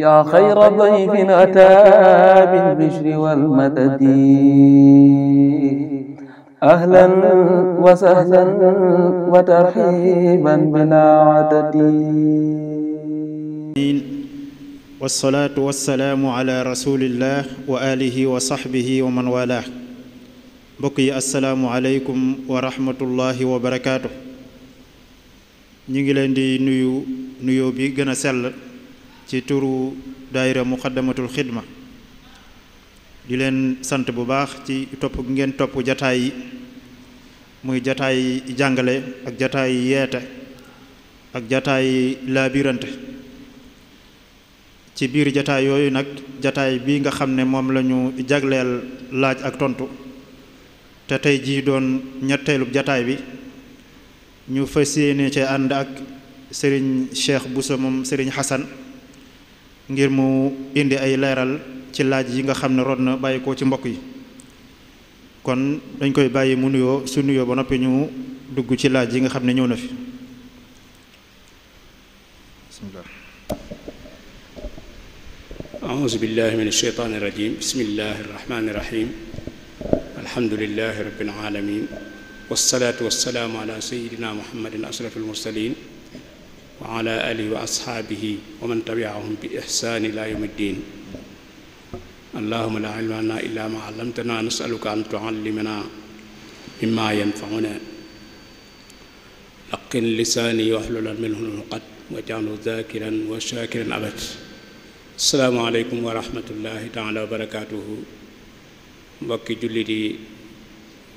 yaa xayra dayfin ataa bil bishri wal madadi ahlan wa sahlan wa tarhiiban bilaa adadi wasalaatu wasalaamu ala rasulillah wa alihi wa saxbihi wa man wala mbokk yi asalaamu aleykum wa rahmatullahi wa barakaatu ñu ngi leen di nuyu nuyoo bi gën a sell ci turu daayira muqaddamatul xidma di leen sant bu baax ci topp gi ngeen topp jataay yi muy jataay jàngale ak jataay yeete ak jataay laabirante ci biir jataay yooyu nag jataay bii nga xam ne moom lañu ñu jagleel laaj ak tontu te tey jii doon ñetteelub jataay bi ñu fa yéene ci ànd ak sëriñ Cheikh Bousso moom sëriñ Xasan ngir mu indi ay leeral ci laaj yi nga xam ne rod na bàyyikoo ci mbokk yi kon dañ koy bàyyi mu nuyoo su nuyoo ba noppi ñu dugg ci laaj yi nga xam ne ñëw na fi bismillah أعوذ بالله من الشيطان الرجيم بسم الله الرحمن الرحيم الحمد لله wa ala alihi wa ashaabihi wa man bi ihsaan ila yawmi ddin allahuma la ilma illa ma allamtana nasaluka an tuallimana mimma yanfauna laqin lisaani wahlulan minhu nuqat waj'alhu dhakiran wa shakiran abad assalaamu aleykum wa rahmatullahi wa barakatuhu mbokki jullit yi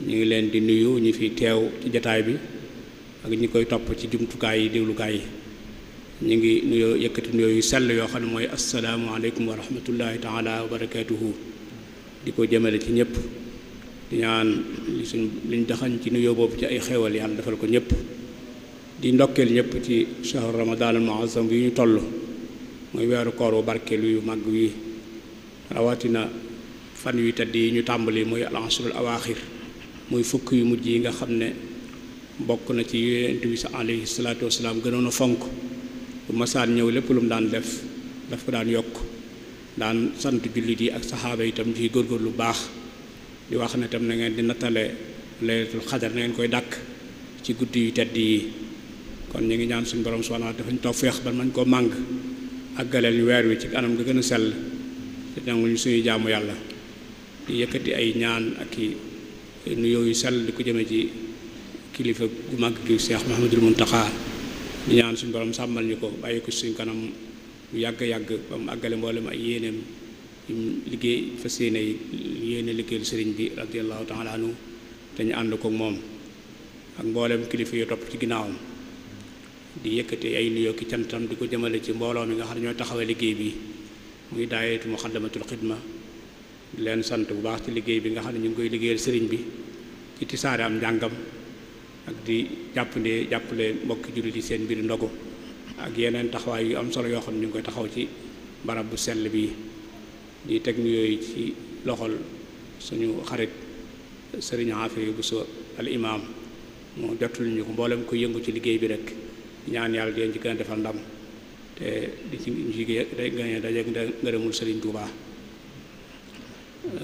ñu ngi leen di nuyu ñu fi teew ci jataay bi ak ñi koy topp ci jumtukaay yi déglukaay ñu ngi nuyoo yëkkati nuyoo yu sell yoo xam ne mooy asalaamualeykum wa rahmatullahi taala wa barakaatuhu di ko jëmale ci ñëpp di ñaan li daxañ ci nuyoo boobu ci ay xewal yàlla defal ko ñëpp di ndokkeel ñëpp ci shahru ramadan al muazzam yu ñu toll mooy weeru koor wu barkeel yu mag wi rawatina fan yu tedd yi ñu tàmbali mooy al ashrul awaaxir muy fukk yu mujj yi nga xam ne bokk na ci yonent bi sa alayhi salaatu wasalaam gënoon a fonk bu masaan ñëw lépp lu mu daan def daf ko daan yokk daan sant jullit yi ak saxaaba itam ci góor lu baax di wax ne tam na ngeen di nattale laylatul xajar na koy dàkk ci guddi yu tedd yi kon ñu ngi ñaan suñu borom subhanahu dafa ñu toog feex ba mañ koo màng ak galeel ñu weer wi ci anam nga gën a sell te nangu ñu suñuy yàlla di yëkkati ay ñaan ak i nuyoo yu sell di ko jëme ci kilifa gu màgg gi Cheikh Mahamadul Muntaxa di ñaan suñu borom sàmmal ñu ko bàyyi ko suñ kanam mu yàgg-yàgg ba mu àggale mboolem ay yéeneem liggéey fas yéene yéene liggéeyal sëriñ bi radiallahu taala anhu te ñu ànd ko moom ak mboolem kilifa yu topp ci ginnaawam di yëkkate ay nuyoo ki cantam di ko jëmale ci mbooloo mi nga xam ne ñoo taxawee liggéey bi muy daayeetu muxaddamatul xidma di leen sant bu baax ci liggéey bi nga xam ne ñu ngi koy liggéeyal sëriñ bi ci tisaare am njàngam ak di jàppande jàpple mbokki jullit yi seen mbir ndogu ak yeneen taxawaay yu am solo yoo xam ne ñu ngi koy taxaw ci barab bu sell bii di teg ñu yooyu ci loxol suñu xarit sëriñ Afiya Buso al imaam mu jotul ñu ko mboolem ko yëngu ci liggéey bi rek ñaan yàlla di leen ci defal ndam te di ci jigéen day gën a dajeeg ngërëmul sëriñ Tuubaa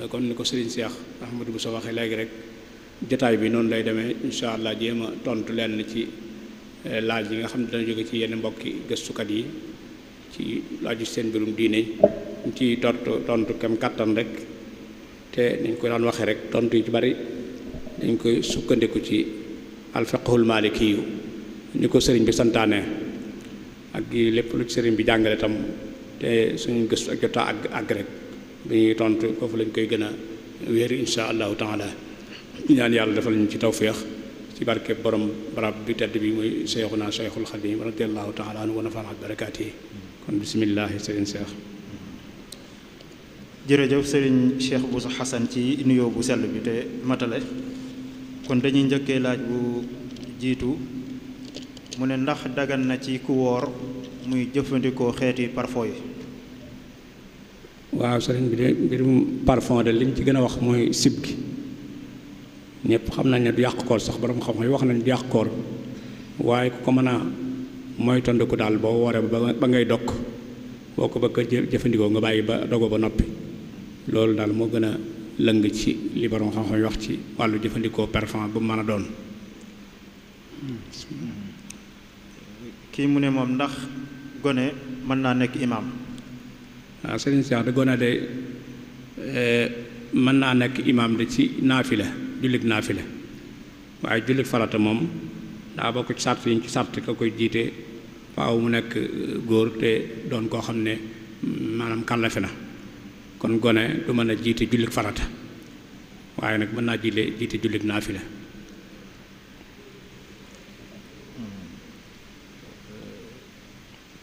kon ni ko sëriñ Seex Ahmadu Buso waxee léegi rek jotaay bi noonu lay demee incha allah jéem a tontu leen ci eh, laaj yi nga xam ne dana jóge ci yenn mbokki gëstukat yi ci laaj laaju seen mbirum diine ñu ci tontu tontu kem kàttan rek te dañ koy daan waxee rek tontu yi ci bari dañ koy sukkandiku ci alfiqhul maaliki yu ni ko sëriñ bi santaane ak yi lépp lu ci sëriñ bi jàngale tam te suñu gëstu ak jotaa ak ak rek bi ñuy tontu foofu lañ koy gën a wéer insha allahu taala ñaan yàlla defal lañu ci tawféex ci barke borom barab bi tedd bi muy Seexuna Seexul Xadiim radiyallaahu taalaa anhu wa barakaati kon bismillaahi sëriñ Seex jërëjëf sëriñ Cheikh bu Xasan ci nuyoo bu sell bi te matale kon dañuy njëkkee laaj bu jiitu mu ne ndax dagan na ci ku woor muy jëfandikoo xeeti parfum yi waaw sëriñ bi de mbirum parfum de liñ ci gën a wax mooy sib gi ñépp xam nañ ne du yàq koor sax boroom xam-xam yi wax nañ du yàq koor waaye ku ko mën a mooy tondiku daal boo waree ba ngay dog boo ko bëgg jëfandikoo nga bàyyi ba dogoo ba noppi loolu daal moo gën a lëng ci li borom xam-xam yi wax ci wàllu jëfandikoo parfum bu mën a doon kii mu ne moom ndax gone mën naa nekk imaam waaw ah, sëriñ Cheikh de gone de eh, mën naa nekk imaam de ci naafila jullit naafile waaye jullit farata moom daa bokk ci sart yiñ ci sart ka koy jiite waaw mu nekk euh, góor te doon koo xam ne mm, maanaam kàllafe na kon gone du mën a jiite jullit farata waaye nag mën naa jiite jiite jullit naafile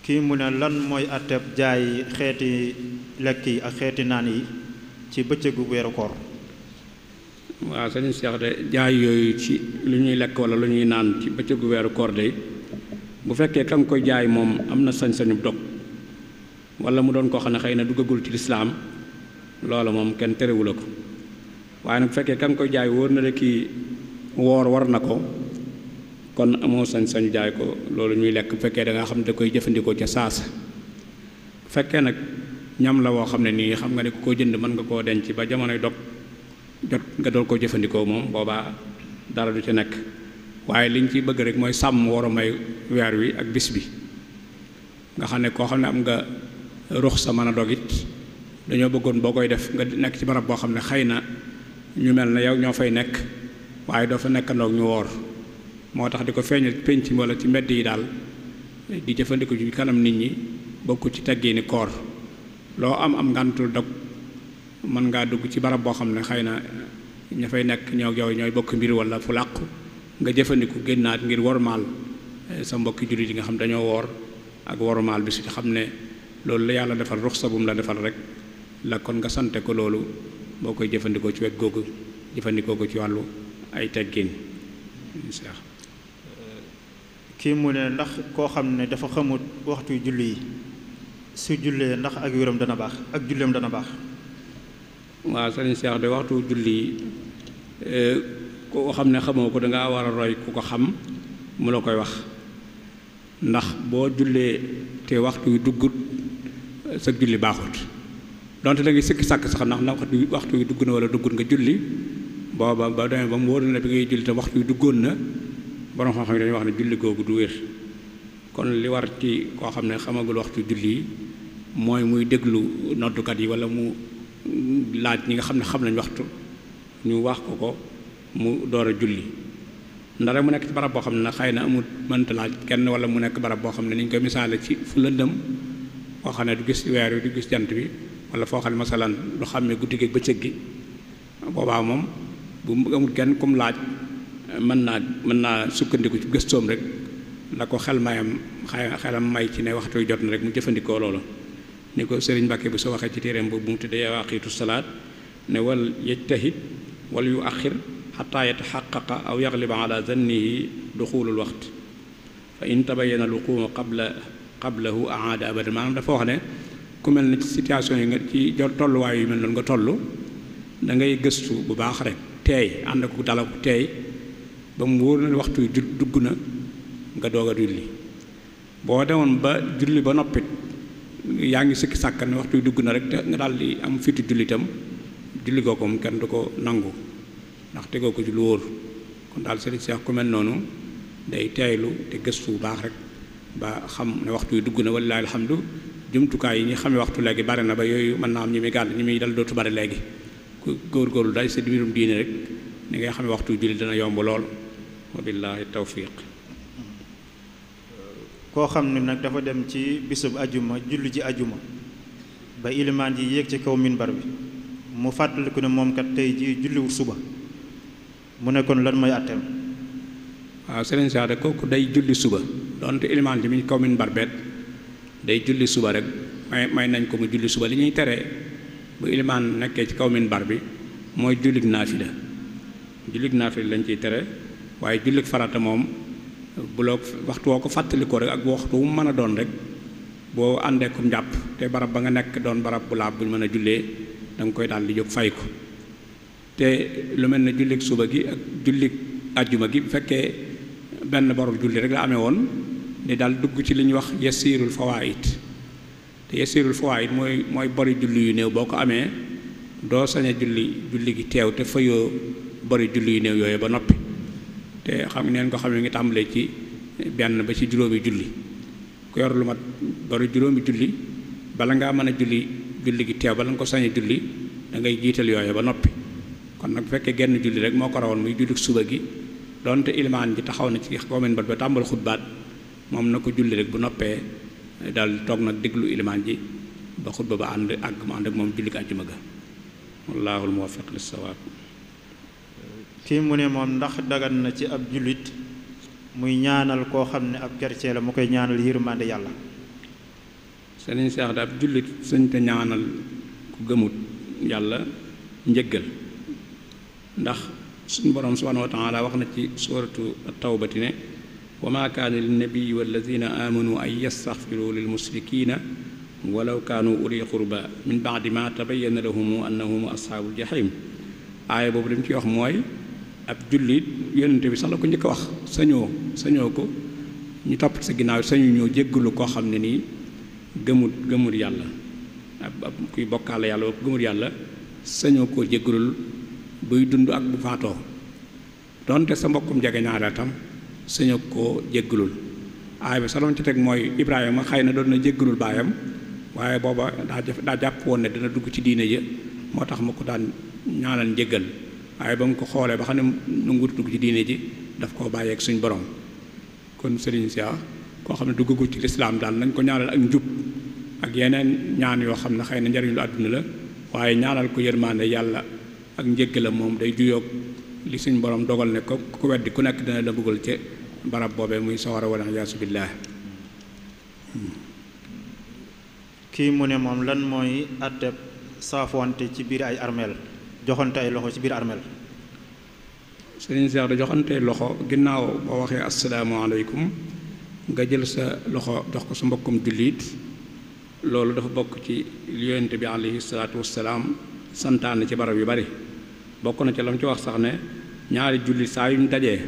kii mu ne lan mooy àtteeb jaay xeeti lekk yi ak xeeti naan yi ci bëccëgu weeru koor waaw sañu Cheikh de jaay yooyu ci lu ñuy lekk wala lu ñuy naan ci bëccëgu weeru koor de bu fekkee ka nga koy jaay moom am na sañ-sañu dog wala mu doon koo xam ne xëy na duggagul ci lislaam loola moom kenn terewu ko waaye nag bu fekkee ka nga koy jaay wóor na la kii woor war na ko kon amoo sañ-sañ jaay ko loolu ñuy lekk bu fekkee dangaa xam ne da koy jëfandikoo ca saasa fekkee nag ñam la woo xam ne nii xam nga ne ku ko jënd mën nga koo denc ba jamonoy dog jot nga doon ko jëfandikoo moom boobaa dara du ci nekk waaye liñ ci bëgg rek mooy sàmm war may weer wi ak bis bi nga xam ne koo xam ne am nga rux sa mën a dog it dañoo bëggoon boo koy def nga nekk ci barab boo xam ne xëy na ñu mel na yow ñoo fay nekk waaye doo fa nekkandoog ñu woor moo tax di ko feeñal pénc wala ci mbedd yi daal di jëfandiku ci kanam nit ñi bokku ci teggee ni koor loo am am ngàntul dog man ngaa dugg ci barab boo xam ne xëy na ña fay nekk ñoo yow ñooy bokk mbir wala fu làqu nga jëfandiku génnaat ngir wormaal eh, sa mbokki jullit yi nga xam dañoo woor ak wormaal bi su ci xam ne loolu la yàlla defal ruxsa bu mu la defal rek la nga sante ko loolu boo koy jëfandikoo ci wet googu jëfandikoo ko ci wàllu ay teggin kii mu ne ndax koo xam ne dafa xamut waxtu julli yi su jullee ndax ak wéram dana baax ak julleem dana baax waaw sëriñ Cheikh de waxtu julli eh, ko xam ne xamoo ko danga war a roy ku ko xam mu la koy wax ndax boo jullee te waxtu yu duggut sa julli baaxut donte da ngay sikki sàkk sax ndax ndax waxtu yu dugg na wala duggut nga julli booba ba demee ba mu wóor na bi ngay julli te waxtu yu duggoon na borom xam-xam yi dañuy wax ne julli googu du wér kon li war ci koo xam ne xamagul waxtu julli yi mooy muy déglu noddukat yi wala mu laaj ñi nga xam ne xam nañ waxtu ñu wax ko ko mu door a julli ndax rek mu nekk ci barab boo xam ne na xay na amul mënta laaj kenn wala mu nekk barab boo xam ne niñ ko misaale ci fu lëndëm foo xam ne du gis weer wi du gis jant bi wala foo xam ne masalan du xàmmee guddi gi ak bëccëg gi boobaa moom bu amul kenn kum laaj mën naa mën naa sukkandiku ci gëstoom rek la ko xel mayam xay xelam may ci ne waxtu jot na rek mu jëfandikoo loolu ni ko sëriñ Mbàkke bu sa waxee ci téeréem boobu mu tuddee yawaaqiitu salaat ne wal yajtahid wal yu axir xataa yataxaqaqa aw yagliba ala zannihi duxulul waxt fa in tabayana luquuma qabla qablahu aada abadan maanaam dafa wax ne ku mel na ci situation yi nga ci tolluwaay yu mel noonu nga tollu dangay gëstu bu baax rek teey ànd ak dal teey ba mu wóor na waxtu dugg na nga doog a julli boo demoon ba julli ba noppit yaa ngi sikki sàkka ne waxtu dugg na rek te nga daal di am fitu jullitam julli googu mu kenn du ko nangu ndax tegoo ko ci lu wóor kon daal sëriñ Seex ku mel noonu day teeylu te gëstu bu baax rek ba xam ne waxtu dugg na wallaahi alhamdu jumtukaay yi ñi xamee waxtu léegi bare na ba yooyu mën naa am ñi muy gàll ñi muy dal dootu bare léegi ku góorgóorlu day sa mbirum diine rek ni ngay xamee waxtu julli dina yomb lool wa billaahi tawfiq koo xam ne nag dafa dem ci bisub ajuma julli ji ajuma ba ilimaan ji yéeg ci kaw bar bi mu fàttaliku ne moom kat tey ji julliwul suba mu nekkoon kon lan mooy àtteem waaw sëriñ Saade kooku day julli suba donte ilimaan ji mi kaw minbar beet day julli suba rek may may nañ ko mu julli suba li ñuy tere bu ilimaan nekkee ci kaw bar bi mooy jullig naafila jullig naafila lañ ciy tere waaye jullig farata moom bu waxtu woo ko fàttalikoo rek ak waxtu wu mën a doon rek boo àndee ko njàpp te barab ba nga nekk doon barab bu laab bu mën a jullee da nga koy daal di jóg fay ko te lu mel ne jullik suba gi ak jullik àjjuma gi bu fekkee benn borom julli rek la amee woon di daal dugg ci li ñuy wax yasiirul fawaid te yasiirul fawaid mooy mooy bari julli yu néew boo ko amee doo sañ a julli julli gi teew te fayoo bari julli yu néew yooyu ba noppi te xam neen ko xam ne ngi tàmbalee ci benn ba ci juróomi julli ku yor lu mat bari juróomi julli bala ngaa mën a julli julli gi teew la nga ko sañe julli da ngay jiital yooyu ba noppi kon nag bu fekkee genn julli rek moo ko rawoon muy julli suba gi donte ilimaan ji taxaw na ci gomen bat ba tàmbal xutbaat moom na ko julli rek bu noppee daal toog nag déglu ilmaan ji ba xutba ba ànd àgg mu ànd ak moom julli ko àjjuma ga wallaahul muwaffiq lis sawaab kii mu ne moom ndax dagan na ci ab jullit muy ñaanal koo xam ne ab chrétien la mu koy ñaanal yërmande yàlla sëriñ Seex da ab jullit suñ te ñaanal ku gëmut yàlla njëggal ndax suñ borom subhanahu wa taala wax na ci suratu tawbati ne wa ma kaana linnabii walladina amanu an yastaxfiru lil musrikina walaw kaanu uli qurba min di ma tabayyana lahumu annahum ashaabul jahim aaya boobu lim ci wax mooy ab jullit yonent bi sax la ko njëkk wax sañoo sañoo ko ñu topp sa ginnaaw sañu ñoo jéggalu koo xam ne nii gëmul gëmul yàlla ab ab kuy bokkaale yàlla ba gëmul yàlla sañoo koo jéggalul buy dund ak bu faatoo donte sa mbokkum jege ñaareel tam sañoo koo jéggalul aay bi saloon ci teg mooy Ibrahima xëy na doon na jéggalul baayam waaye booba daa daa jàpp woon ne dana dugg ci diine ja moo tax ma ko daan ñaanal njéggal waaye ba mu ko xoolee ba xam ne nanguut dugg ci diine ji daf koo bàyyeek suñ borom kon Serigne Cheikh koo xam ne duggagul ci lislaam daal nañ ko ñaanal ak njub ak yeneen ñaan yoo xam ne xëy na njariñu lu àdduna la waaye ñaanal ko yërmaande yàlla ak la moom day juyoog li suñ borom dogal ne ko ku weddi ku nakk dina la bëggal ci barab boobee muy sawara wala yaasu billaah kii mu ne moom lan mooy àtteb saafoonte ci biir ay armeel joxante ay loxo ci biir armeel sëriñ Seex da joxante loxo ginnaaw boo waxee asalaamaaleykum nga jël sa loxo jox ko sa mbokkum jullit loolu dafa bokk ci yonent bi alayhi salaatu wasalaam santaane ci barab yu bari bokk na ci lam ci wax sax ne ñaari jullit saa yu ñu dajee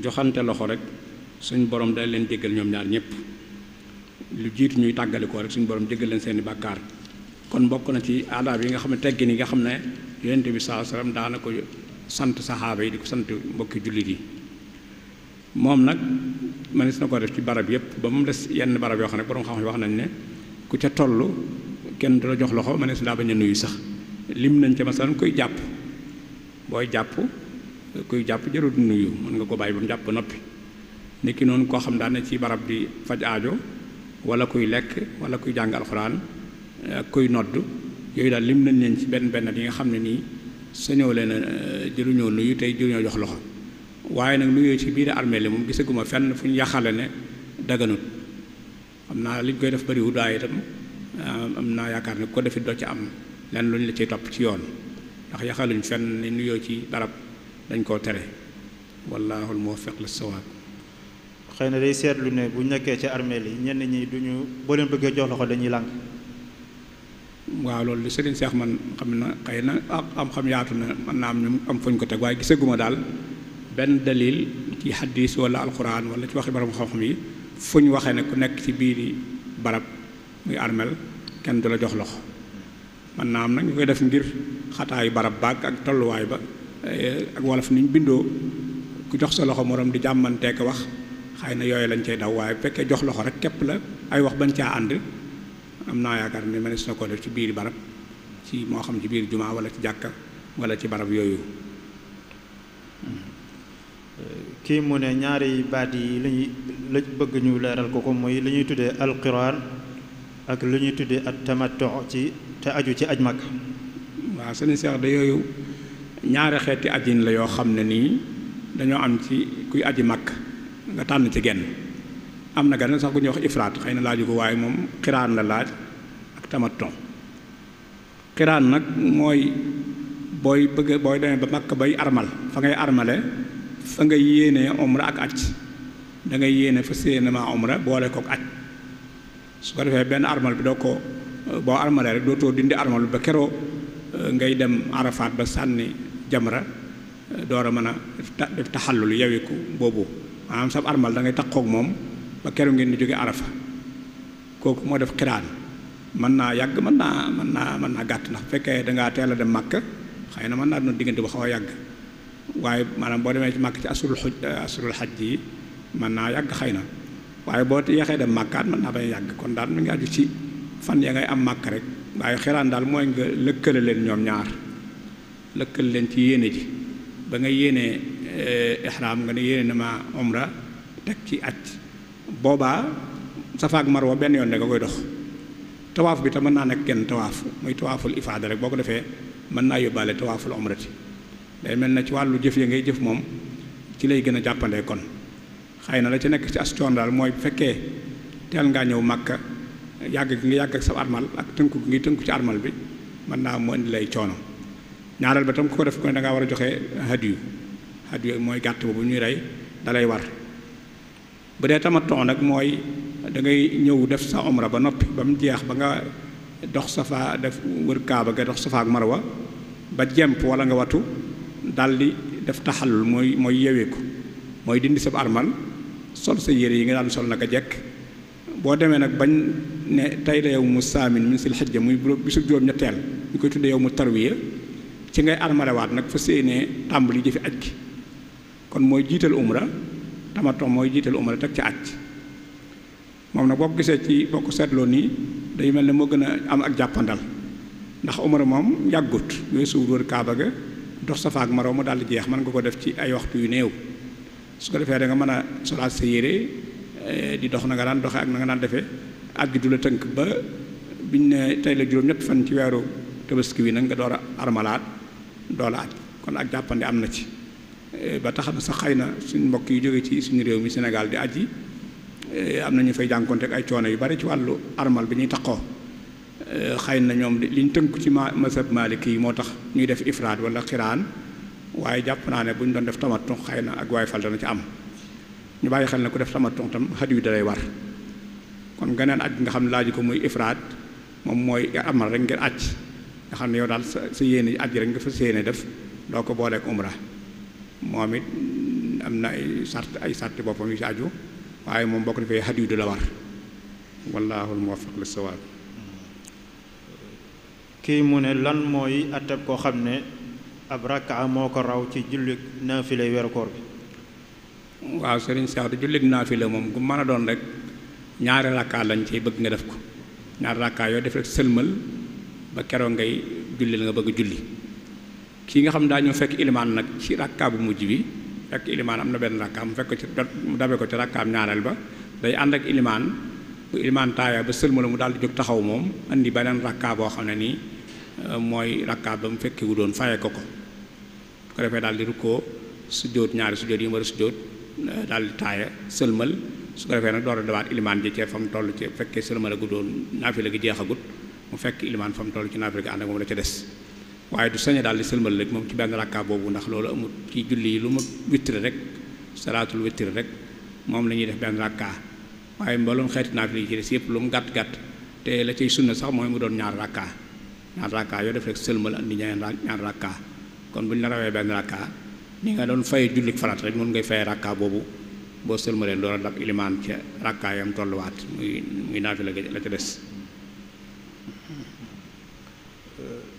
joxante loxo rek suñ borom day leen jéggal ñoom ñaar ñëpp lu jiitu ñuy tàggalikoo rek suñ borom jéggal leen seeni bàkkaar kon bokk na ci aadaab yi nga xam ne teggin yi nga xam ne yonente bi saa salaam daana ko sant saxaaba yi di ko sant mbokki jullit yi moom nag mënees na koo def ci barab yëpp ba mu des yenn barab yoo xam ne borom xam-xam wax nañ ne ku ca toll kenn du la jox loxo mënees daa bañ a nuyu sax lim nañ ca masalan kuy jàpp booy jàpp kuy jàpp jarul nuyu mën nga ko bàyyi ba mu jàpp noppi niki noonu koo xam daan na ci barab di faj aajo wala kuy lekk wala kuy jàng alxuraan kuy nodd yooyu daal lim nañ leen ci benn benn yi nga xam ne nii sañoo leen euh, jëruñoo nuyu tey jëruñoo jox loxo waaye nag nuyoo ci biir armeel yi moom gisaguma fenn fu ñu yàqale ne daganut am naa liñ koy def bëriwul waaye itam euh, am naa yaakaar ne ko defee doo ci am lenn luñ la ciy topp ci yoon ndax yaxaluñ fenn ni nuyoo ci barab dañ koo tere wallaahu al-muwaffiq lis-sawaab xëy na day seetlu ne bu ñu nekkee ci armeel yi ñenn ñi duñu boo leen bëggee jox loxo dañuy lànk waaw loolu li Serigne Cheikh man xam na xay na am ah, xam yaatu na man naa am ñu am fuñ ko teg waaye ma daal benn dalil ci hadis wala alxuraan wala ci waxi borom xam-xam yi ñu waxee ne ku nekk ci biiri barab armel kenn du la jox loxo man naa am ñu koy def ngir xataayu barab baag ak tolluwaay ba eh, ak wolof ni ñu bindoo ku jox sa loxo morom di jàmmanteek wax xëy na yooyu lañ cay daw waaye bu fekkee jox loxo rek képp la ay wax bañ caa ànd am naa yaakaar ne mënees na koo def ci biir barab ci moo xam ci biir jumaa wala ci jàkka wala ci barab yooyu kii mu ne ñaari baat yi la ñuy bëgg ñu leeral ko ko mooy li ñuy tuddee alquran ak lu ñuy tuddee at tamattu ci te aju ci aj mag waaw seen seex da yooyu ñaari xeeti ajin la yoo xam ne nii dañoo am ci kuy aji mag nga tànn ci genn am na ganeen sax gu ñuy wax ifraat xëy na laaju ko waaye moom xiraan la laaj ak tamaton xiraan nag mooy booy bëgg booy demee ba makk bay armal fa ngay armale fa nga yéene ombre ak aj da ngay yéene fa séenément omra boole kook aj su ko defee benn armal bi doo ko boo armalee rek dootoo dindi armal ba keroo euh, ngay dem arafaat ba sànni jamra euh, door a mën a def taxallul yewiku boobu maanaam sab armal da ngay takkoog moom ba keroog ngeen di jóge arafa kooku moo def xiraan mën naa yàgg mën naa mën naa mën naa gàtt ndax fekkee dangaa teel a dem màkk xëy na mën naa doon diggante bu xaw a yàgg waaye maanaam boo demee ci màkk ci asurul xuj euh, asurul xaj yi mën naa yàgg xëy na waaye boo yeexee dem màkkaat mën naa bañ yàgg kon daal mu ngi aju ci fan ya ngay am màkk rek waaye xiraan daal mooy nga lëkkale leen ñoom ñaar lëkkale leen ci yéene ji ba nga yéenee euh, ihraam nga ne yéene na ma umra teg ci at boobaa safaak marwa benn yoon rek nga koy dox tawaaf bi te mën naa nekk kenn tawaaf muy tawaaful ifaada rek boo ko defee mën naa yóbbaale tawaaful omrati day mel na ci wàllu jëf yi ngay jëf moom ci lay gën a jàppandee kon xëy na la ci nekk ci as coon daal mooy bu fekkee teel ngaa ñëw màkka yàgg gi yàgg ak sa armal ak tënku gi ngi tënku ci armal bi mën naa mu indi lay coono ñaareel bi tam ku ko def ko ne da ngaa war a joxe hadiyu hadiyu mooy gàtt ba ñuy rey dalay war bu dee tamattu nag mooy da ngay ñëw def sa omra ba noppi ba mu jeex ba nga dox safa def wër kaaba ga dox safaa ak marwa ba jemp wala nga watu daldi def taxalul mooy mooy yewee ko mooy dindi sab armal sol sa yére yi nga daan sol nag a jekk boo demee nag bañ ne tey la yow mu saamin min sil xijja muy bisu juróom-ñetteel ñu koy tuddee yow mu tarwiya ci ngay armalewaat nag fa séenee tàmbali jëfi aj gi kon mooy jiital umra tamattu mooy jiital umra teg ci aj moom nag boo ko gisee ci boo ko seetloo nii day mel ne moo gën a am ak jàppandal ndax umra moom yàggut yooyu suur wër kaaba ga dox Safaa ak Marwa mu daal di jeex mën nga ko def ci ay waxtu yu néew su ko defee da nga mën a solaat sa yére eh, di dox na nga daan doxe ak na nga daan defee aj du la tënk ba biñ ne tey la juróom-ñett fan ci weeru tabaski wi nag nga door a armalaat doola aj kon ak jàppandi am na ci Eh, ba tax na sax xëy na suñ mbokk yi jóge ci suñu réew mi Sénégal di aji eh, am na ñu fay jànkonte ak ay coono yu bari ci wàllu armal bi ñuy taxoo eh, xëy na ñoom liñ tënk ci ma masab maliki yi moo tax ñuy def ifraad wala xiraan waaye jàpp naa ne bu ñu doon def tamattu xëy na ak waay fal dana ci am ñu bàyyi xel ne ku def tamattu tam xat yu dalay war kon geneen aj nga xam ne laaj ko muy ifraad moom mooy amal rek ngir aj nga xam ne yow daal sa sa yéene aj rek nga fa séene def doo ko booleek umra moom it am na ay sart ay sart boppam yu ci aju waaye moom boo ko defee xat yu du la war wallaahul muwaffiq li sawaab kii mu ne lan mooy atteb koo xam ne ab rakka moo ko raw ci jullit naafile weeru koor bi waaw sëriñ Seex di jullit naafile moom gu mën a doon rek ñaari rakka lañ ci bëgg nga def ko ñaari rakka yoo def rek sëlmal ba keroog ngay julli la nga bëgg julli kii nga xam ne daañoo fekk ilimaan nag ci rakkaa bu mujj bi fekk ilimaan am na benn rakkaa mu fekk ko ci mu dabe ko ci rakkaam ñaareel ba day ànd ak ilimaan bu ilimaan taaya ba mu daal di jóg taxaw moom andi beneen rakkaa boo xam ne nii euh, mooy rakkaa mu fekkiwu doon faye ko ko bu ko defee daal di rukkoo ñaari sujjóot yi mu war a sujjóot euh, daal di taaya sëlmal su ko defee nag door a mu toll ci fekkee sëlmal a gu doon naafila gi mu fekk ilimaan fa mu toll ci naafila gi ànd ak moom la ca des waaye du saña daal di sëlmal rek moom ci benn rakkaa boobu ndax loolu amul ci julli yi lu mu wittiri rek salaatul wittiri rek moom la ñuy def benn rakkaa waaye mbooloom xeeti naa fi li yëpp lu mu gàtt gàtt te la cay sunna sax mooy mu doon ñaar rakkaa ñaar rakkaa yoo def rek sëlmal andi ñaar rakkaa kon bu ñu la rawee benn rakkaa ni nga doon fay jullik falaat rek noonu ngay fay rakkaa boobu boo sëlmalee door a dab ilimaan ca rakkaa yam tolluwaat muy muy naa fi la la ca des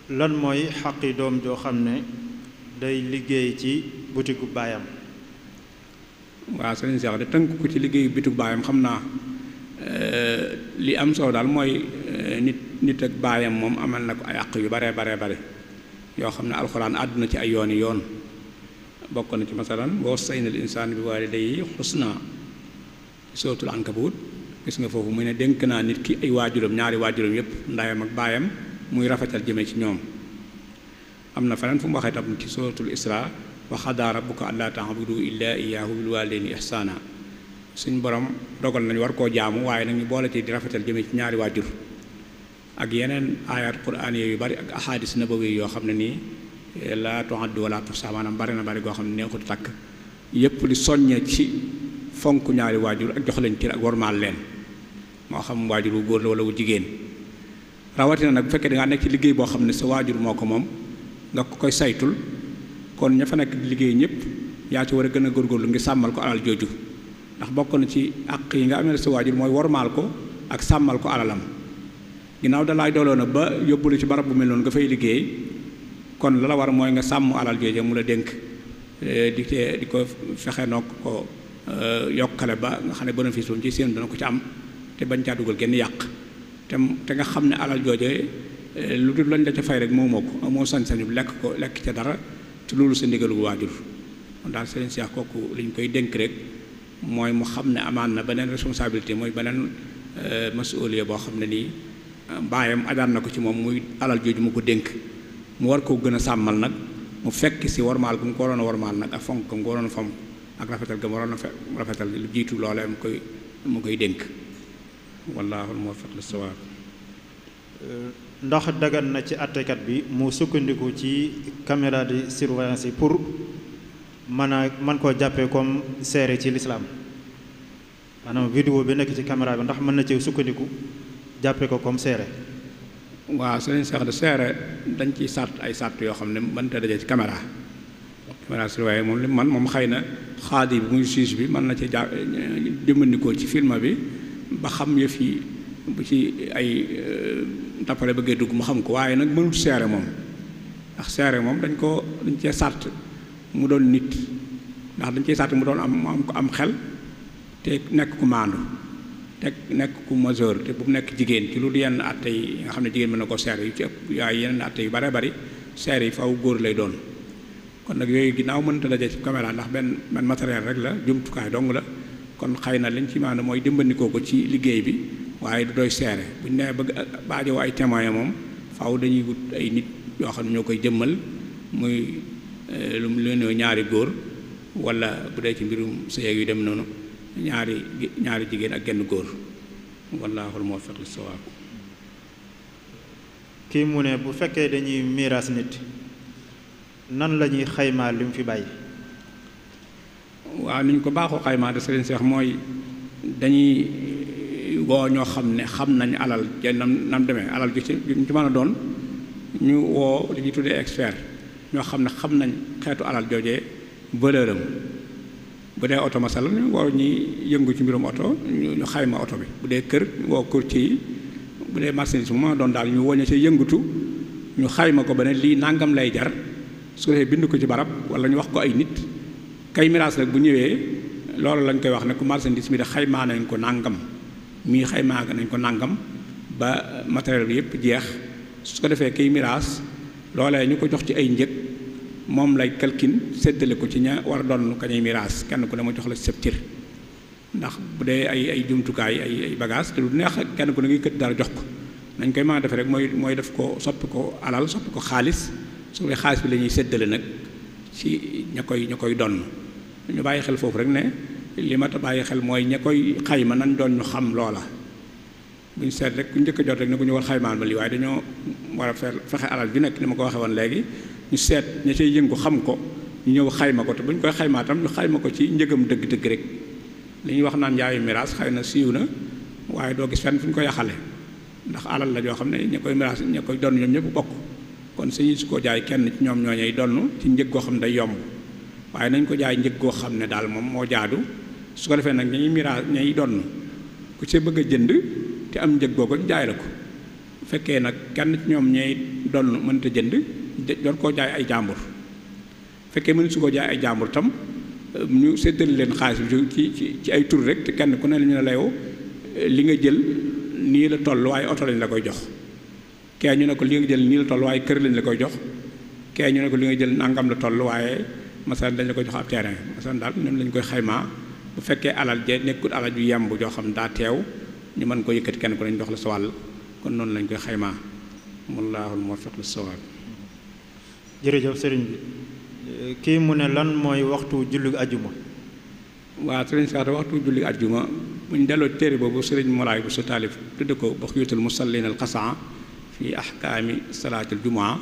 lan mooy xaqi doom joo xam ne day liggéey ci butigu baayam waaw sëriñ Cheikh de tënk ko ci liggéeyu butigu baayam xam naa eh, li am solo daal mooy eh, nit nit ak baayam moom amal na ko ay àq yu baree baree bare yoo xam ne alxuraan àdduna ci ay yoon yi yoon bokk na ci masalan wa wassaynal insaan bi waalidayhi xusnaa sootul ankabut gis nga foofu mu ne dénk naa nit ki ay waajuram ñaari waajuram yépp ndayam ak baayam muy rafetal jëme ci ñoom am na feneen fu mu waxee tam ci suratul isra wa qadaa rabbuka allaa ta'budu illaa iyyaahu bil waalidayni ihsaana suñ borom dogal nañu war koo jaamu waaye nag ñu boole ci di rafetal jëme ci ñaari waajur ak yeneen ayat quraan yu bari ak ahadis nabawi yoo xam ne nii eh, laa tu'addu wa laa tuhsaa bari na bari goo xam ne neexut takk yépp di soññee ci fonk ñaari waajur ak jox leen cër ak warmaal leen moo xam waajur wu góor la wala wu jigéen rawatina nag bu fekkee dangaa nekk ci liggéey boo xam ne sa waajur moo ko moom nga koy saytul kon ña fa nekk liggéey ñëpp yaa ci war a gën a góorgóorlu ngir sàmmal ko alal jooju ndax bokkoon na ci àq yi nga amee sa waajur mooy wormaal ko ak sàmmal ko alalam ginnaaw dalaay dooloo na ba yóbbu ci barab bu mel noonu nga fay liggéey kon la la war mooy nga sàmm alal jooju mu la dénk eh, di di ko fexe noo ko eh, yokkale ba nga xam ne bénéfice moom ci seen dana ko ci am te bañ caa dugal genn yàq te te nga xam ne alal joojee eh, lu dul lañ la ca fay rek moo moo ko amoo sañ-sañu lekk ko lekk ca dara te loolu sa ndigalu waajur kon daal sëriñ Cheikh kooku li ñu koy dénk rek mooy mu xam ne amaan na beneen responsabilité mooy beneen eh, masuuliya boo xam ne nii eh, baayam ajaan na ko ci moom muy alal jooju mu ko dénk mu war koo gën a sàmmal nag mu fekk si warmaal gu mu ko waroon a warmaal nag ak fonk ko mu ko waroon a ak rafetal ga mu waroon a rafetal lu jiitu loolee mu koy mu koy dénk wallaahu al-muwaffiq lis-sawaab euh, ndax dagan na ci àttekat bi mu sukkandiku ci caméra de surveillance yi pour mën a mën koo jàppee comme seere ci lislaam maanaam vidéo bi nekk ci caméra bi ndax mën na ci sukkandiku jàppee ko comme seere waaw sëriñ Seex de seere dañ ciy sàtt ay sàtt yoo xam ne mënta dajee ci caméra caméra surveillance moom li man moom xay na xaadi bi muy siis bi mën na ci jàpp jëmmandikoo ci film bi ba xam yëf yi bu ci ay euh, tappale bëggee dugg mu xam ko waaye nag mënut seere moom ndax seere moom dañ ko dañ cee sàrt mu doon nit ndax dañ cee sàrt mu doon am mu am ko am xel te nekk ku maandu te nekk ku majeur te bu mu nekk jigéen ci lu du yenn atte yi nga xam ne jigéen mën na ko seere yu ci ëpp yaay yenn atte yu bare bari seere yi faw góor lay doon kon nag yooyu ginnaaw mën daje ci caméra ndax benn benn matériel rek la jumtukaay dong la kon xëy na lañ ci maanaam mooy dimbandikoo ko ci liggéey bi waaye du doy seere buñ nee bëgg baajowoo ay témoin moom faaw dañuy wut ay nit yoo xam ne ñoo koy jëmmal muy eh, lu mu leen ñaari góor walla bu dee ci mbirum sëyeeg yu dem noonu ñaari ñaari jigéen ak genn góor wallaahul muwaffiq li sawaab kii mu ne bu fekkee dañuy miiras nit nan lañuy ñuy xaymaa li mu fi bàyyi waa ni ñu ko baaxoo xayma de sëriñ Seex mooy dañuy eh, woo ñoo xam ne xam nañ alal ja nam nam alal ju ci ci mën a doon ñu woo li ñuy ñoo xam ne xam nañ xeetu alal joojee valeur bu dee oto masal ñu woo ñi ci mbirum oto ñu xayma oto bi bu dee kër woo courtier bu dee marchandise bu mën a doon daal ñu woññe ci yëngatu ñu xayma ko ba ne lii nangam lay jar su ko defee bind ko ci barab wala ñu wax ko ay nit kay miraas nag bu ñëwee loolu lañ koy wax ne ku marchandise mi de xaymaa nañ ko nangam muy xaymaa nañ ko nangam ba matériel bi yëpp jeex su ko defee kay miraas loolee ñu ko jox ci ay njëg moom lay kalkin séddale ko ci ña war a doon kañay miraas kenn ku ne ma jox la sëb cër ndax bu dee ay ay jumtukaay ay ay bagage te du neex kenn ku ne ngi kët jox ko nañ koy mën defee rek mooy mooy def ko soppi ko alal soppi ko xaalis su xaalis bi la ñuy nag ci ña koy ña koy donn ñu bàyyi xel foofu rek ne li ma bàyyi xel mooy ña koy xayma nan doon ñu xam loola bu ñu seet rek ku njëkk jot rek ne ku ñu war xaymaal ma lii waaye dañoo war a fexe alal ju nekk ni ma ko waxe woon léegi ñu seet ña cay yëngu xam ko ñu ñëw xayma ko te bu ñu koy xaymaa tam ñu xayma ko ci njëgam dëgg-dëgg rek li ñuy wax naan njaayu miraas xay na siiw na waaye doo gis fenn fu ñu ko yaxale ndax alal la joo xam ne ña koy miraas ña koy donn ñoom ñëpp bokk kon sañu su ko jaay kenn ci ñoom ñooñey donn ci njëg ne day yomb waaye nañ ko jaay njëg goo xam ne daal moom moo jaadu su ko defee nag ñay miraas ñay donn ku ci bëgg a jënd te am njëg googu ñu ko bu fekkee nag kenn ñoom ñay donn mënta jënd doon koo jaay ay jàmbur fekkee mënu su koo jaay ay jàmbur tam ñu séddale leen xaalis bi ci ci ay tur rek te kenn ku ne la ñu ne la yow li nga jël nii la tollu waaye oto lañ la koy jox kee ñu ne ko li nga jël nii la toll kër lañ la koy jox kee ñu ne ko li jël nangam la toll waaye masalan dañ ko jox ab terrain masalan daal ñun lañ koy xaymaa bu fekkee alal je nekkul alal ju yemb joo xam daa teew ñu man ko yëkkati kenn ko nañ dox la sa kon noonu lañ koy xaymaa wallaahul muwaffiq lis sawaab jërëjëf sëriñ bi mu ne lan mooy waxtu julli ajjuma waaw sëriñ saata waxtu julli ajjuma buñ delloo téere boobu sëriñ Molaay bu sa taalif tudde ko Baxyatul Musallin al Qasaa fi ahkaami salaatil jumaa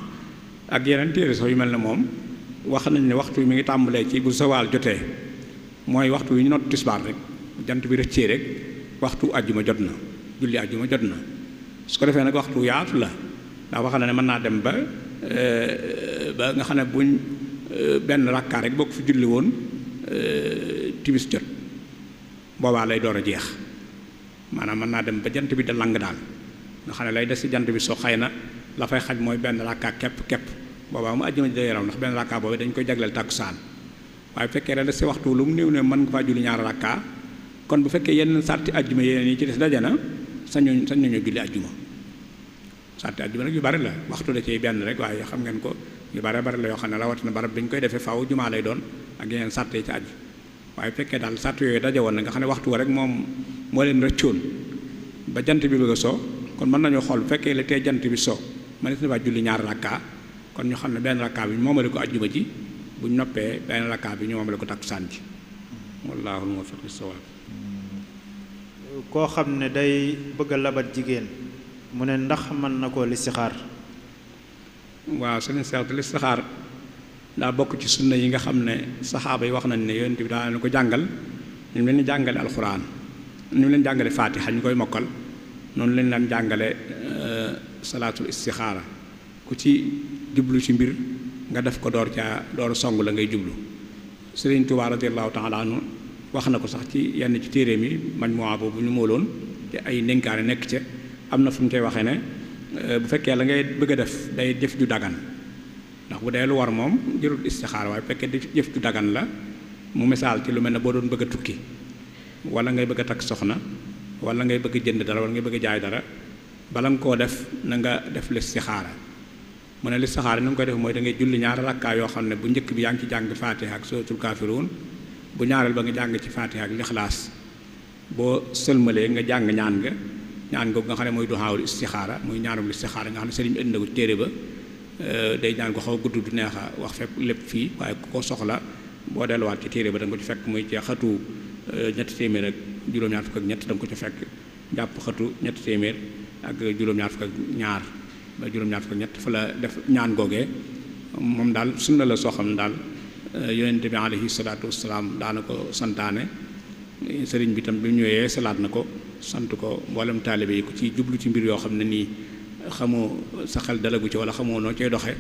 ak yeneen téere sax yu mel na moom wax nañ ne waxtu mi ngi tàmbalee ci bu zawaal jotee mooy waxtu wi ñu noot tisbaar rek jant bi rëccee rek waxtu àjjuma jot na julli àjjuma jot na su ko defee nag waxtu yaatu la ndax wax na ne mën naa dem ba eh, ba xam ne buñ eh, benn rakkaar rek bokk fi julli woon eh, timis jot boobaa lay door a jeex maanaam mën naa dem ba jant bi da lang daal nga xam ne lay des ci jant bi soo xay na la fay xaj mooy benn rakkaar kepp kepp boobaa mu àjjuma ji day yaram ndax benn rakka boobu dañ koy jagleel tàkkusaan waaye bu fekkee ren si waxtu lu mu néew ne mën nga faa julli ñaar rakka kon bu fekkee yenn sàrti àjjuma yeneen yi ci des daje na sañu sañ nañu julli àjjuma sàrti àjjuma nag yu bari la waxtu da cey benn rek waaye xam ngeen ko yu bare bari la yoo xam ne rawatina barab bi koy defee faaw lay doon ak yeneen sàrt yi ci àjj daal sàrt yooyu daje woon na nga xam ne waxtu wa rek moom moo leen rëccoon ba jant bi bëgg a kon mën nañoo xool bu fekkee la tey jant bi soo mënees na faa julli ñaar rakka kon ñu xam ne benn rakkaa bi moomale ko ajjuma ji bu ñu noppee benn rakkaa bi ñu moomale ko takkusaan ji wallaahu muwaffiq lis-sawaab koo xam ne day bëgg a labat jigéen mu ne ndax mën na ko listixaar waaw sëriñ Seex listixaar daa bokk ci sunna yi nga xam ne saxaaba yi wax nañ ne yonent bi daa leen ko jàngal ñu leen jàngale alxuraan ñu leen jàngale faatiha ñu koy mokkal noonu leen daan jàngale euh, salaatul istixaara ku ci jublu ci mbir nga def ko door caa door song la ngay jublu sëriñ Tuubaa radiyallaahu taala anhu wax na ko sax ci yenn ci téeréem yi man mois boobu ñu mooloon te ay ndénkaane nekk ca am na fu mu koy waxee ne euh, bu fekkee la ngay bëgg a def day jëf ju daggan ndax bu dee lu war moom jërul istixaar waaye bu fekkee jëf ju daggan la mu misaal ci lu mel ne boo doon bëgg a tukki wala ngay bëgg takk soxna wala ngay bëgg jënd dara wala ngay bëgg a dara bala nga koo def na nga def listixaara mu ne li saxaar ni nga koy def mooy dangay ngay ñaar ñaari rakkaa yoo xam ne bu njëkk bi yaa ngi ci jàng fatiha ak suratul kaafiruun bu ñaareel ba nga jàng ci fatiha ak lixlaas boo sëlmalee nga jàng ñaan nga ñaan nga nga xam ne mooy duxaawul istixaara muy ñaanum istixaara nga xam ne sëriñ bi indi na ko téere ba eh, day ñaan ko xaw a gudd du neexa wax fekk lépp fii waaye ku ko soxla boo delluwaat ci téere ba da nga ko ci fekk mooy ci xatu eh, ñetti téeméer ak juróom-ñaar fukk ak ñett da ko ci fekk jàpp xatu ñetti téeméer ak juróom ñaar ba juróom-ñaar fukk ñett fa la def ñaan googee moom daal sunna la soo xam ne daal euh, yonent bi alayhi salaatu wasalaam daana ko santaane sëriñ bi tam bi mu ñëwee salaat na ko sant ko mboolem taalibe yi ko ci jublu ci mbir yoo xam ne nii xamoo sa xel dalagu ci wala xamoo noo cay doxe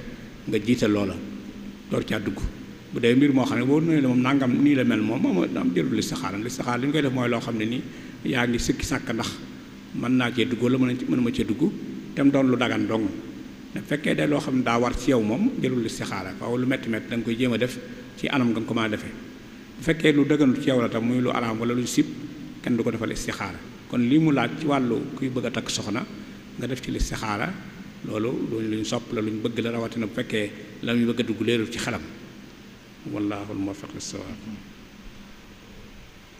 nga jiital loola door caa dugg bu dee mbir moo xam ne boo nee la moom nangam nii la mel moom moom am jërul listixaaram listixaar li ñu koy def mooy loo xam ne nii yaa ngi sikki sàkk mën naa cee dugg wala mën mën ma cee dugg te mu doon lu dagan dong bu fekkee de loo xam ne daa war ci yow moom jëlul istixaara waaw lu métti métti da nga koy jéem a def ci anam nga ko mën a bu fekkee lu dëgganul ci yow la tam muy lu araam wala lu sib kenn du ko defal istixaara kon lii mu laaj ci wàllu kuy bëgg a takk soxna nga def ci listixaara loolu luñ sopp la luñ bëgg la rawatina bu fekkee la muy bëgg a dugg leerul ci xelam wallaahu al-muwaffiq lis-sawaab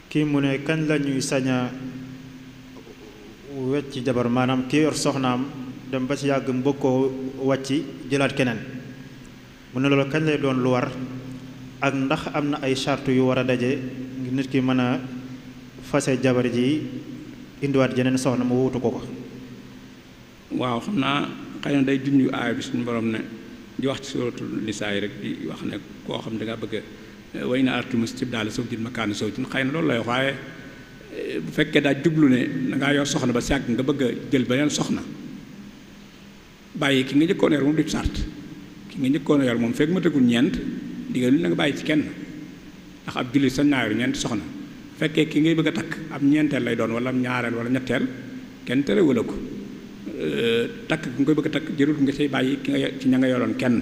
kii mu ne kañ la ñuy sañ dem ba ci yàgg mu bëgg koo wàcci jëlaat keneen mu ne loolu kañ lay doon lu war ak ndax am na ay charte yu war a daje ngir nit ki mën a fase jabar ji indiwaat jeneen soxna mu wuutu ko ko waaw xam naa xëy na day junj aaya bi suñu borom ne di wax ci suratul nisaa rek di wax ne koo xam ne dangaa bëgg a way na artumus cib daal sawjin makaana sawjin xay na loolu la wax waaye eh, bu fekkee daal jublu ne dangaa yor soxna ba sàgg nga bëgg a jël beneen soxna bàyyi ki nga njëkkoon yor moom du ci ki nga jëkkoon yor moom fekk ma tëgul ñeent digal lu na nga bàyyi ci kenn ndax ab jullit sañ naa yor ñeent soxna fekkee ki ngay bëgg a takk ab ñeenteel lay doon wala am ñaareel wala ñetteel kenn tere wala ko takk ki nga koy bëgg a takk jërul nga say bàyyi ki nga ci ña nga yoroon kenn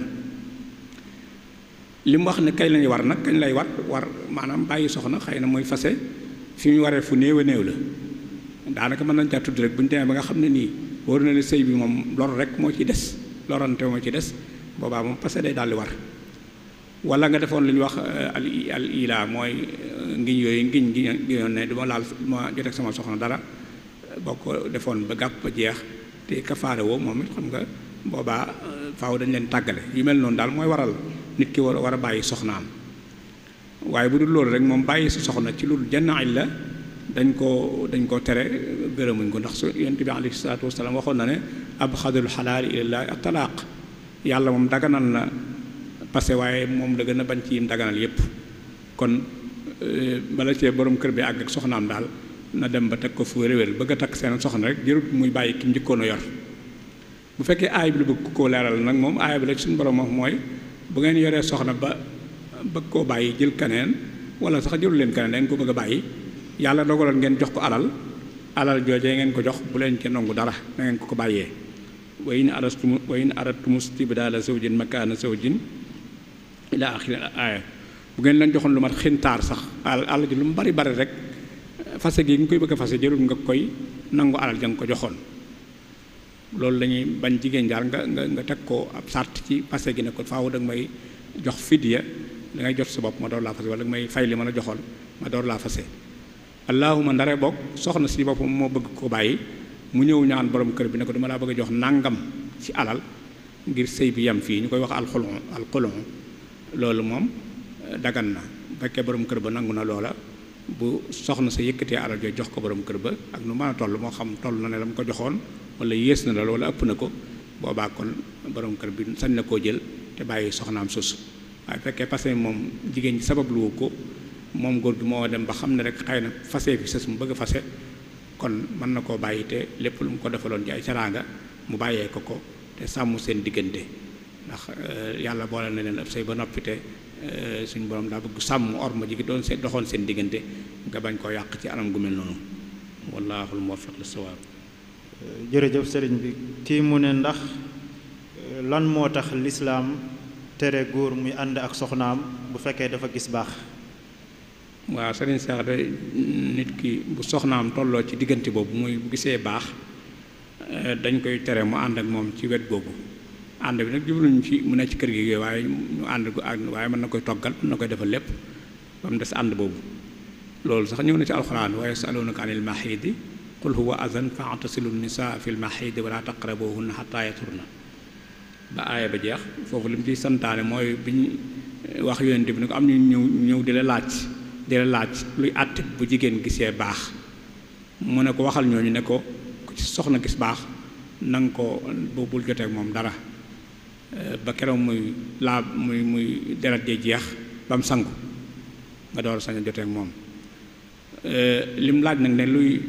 li mu wax ne kañ lañuy war nag kañ lay war war maanaam bàyyi soxna xëy na mooy fase fi mu waree fu néew a néew la daanaka mën nañ caa rek bu ñu ba nga xam ne nii wóor na ne sëy bi moom lor rek moo ci des lorante moo ci des boobaa moom parce que day daal di war wala nga defoon lu ñuy wax euh, al ila mooy euh, ngiñ yooyu ngi ngiñoon ne du laal ma joteg sama soxna dara boo ko defoon ba gàpp jeex te kafaare woo moom it xam nga boobaa euh, faaw dañ leen tàggale yu mel noonu daal mooy waral nit ki war war a bàyyi soxnaam waaye bu dul loolu rek moom bàyyi sa soxna ci loolu jann la dañ koo dañ koo tere gërëmuñ ko ndax su yonent bi alayhi salaatu wasalaam waxoon na ne ab xadul xalaal ilallaahi ak talaaq yàlla moom daganal na parce que waaye moom la gën a bañ ci yim daganal yépp kon euh, bala cee borom kër bi àgg ak soxnaam daal na dem ba teg ko fu wér a takk seen soxna rek jërut muy bàyyi ki njëkkoon yor bu fekkee aay bi la bëgg koo leeral nag moom aay bi la suñ borom wax mooy bu ngeen yoree soxna ba bëgg koo bàyyi jël keneen wala sax jël leen keneen dañ ko bëgg a bàyyi yàlla dogaloon ngeen jox ko alal alal joojee ngeen ko jox bu leen ci nangu dara na ngeen ko ko bàyyee wa in aratum wa in aratum istibdaala zawjin makaana zawjin ila axiri aaya bu ngeen leen joxoon lu mat xintaar sax alal ji lu mu bari bari rek fase gi nga koy bëgg a fase jërul nga koy nangu alal ja nga ko joxoon loolu la bañ jigéen jaar nga nga teg ko ab sart ci fase gi ne ko faaw da nga may jox fidiya da ngay jot sa bopp ma door laa fase wala da may fay li ma la joxoon ma door laa fase allahuma ndare bokk soxna si boppam moo bëgg ko bàyyi mu ñëw ñaan borom kër bi ne ko dama laa bëgg jox nàngam ci alal ngir sëy bi yam fii ñu koy wax alxulon alxulon loolu moom eh, dagan na mu fekkee borom kër ba nangu na loola bu soxna sa yëkkatee alal jooy jox ko borom kër ba ak nu mën a toll moo xam toll na ne la ko joxoon wala yées na la wala ëpp na ko boobaa kon borom kër bi sañ na koo jël te bàyyi soxnaam suus waaye fekkee parce que moom jigéen ñi sabablu ko moom góor bi moo dem ba xam ne rek xëy na fase fi sës mu bëgg a fase kon mën na koo bàyyi te lépp lu mu ko defaloon ci ay saraanga mu bàyyee ko ko te sàmm seen diggante ndax euh, yàlla boole na leen ab sëy ba noppite te euh, suñu borom daa bëgg sàmm orma ji gi doon seen doxoon seen diggante nga bañ koo yàq ci anam gu mel noonu wallaahul muwaffiq li sawaab euh, jërëjëf sëriñ bi kii mu ne ndax lan moo tax lislaam tere góor muy ànd ak soxnaam bu fekkee dafa gis baax waaw sëriñ Seex de nit ki bu soxnaam tolloo ci diggante boobu muy bu gisee baax euh, dañ koy tere mu ànd ak moom ci wet googu ànd bi nag jubluñu ci mu ne ci kër gi waaye ñu ànd ak waaye mën na koy toggal na koy defal lépp ba mu ànd boobu loolu sax ñëw na ci alxuraan waaye yasalunaka anil maxiidi qul huwa azan fa atasilu nisaa fil maxiidi wala taqrabuhunna xataa yaturna ba aaya ba jeex foofu li mu ciy santaane mooy bi ñu wax yonent bi ne ko am ñu ñëw ñëw di la laaj de laaj luy àtte bu jigéen gisee baax mu ne ko waxal ñooñu ne ko ku ci soxna gis baax nang ko bul joteek moom dara euh, ba keroog muy laa muy muy deret jee jeex ba mu sangu nga door sañ a jotee ak moom euh, lim laaj nag ne luy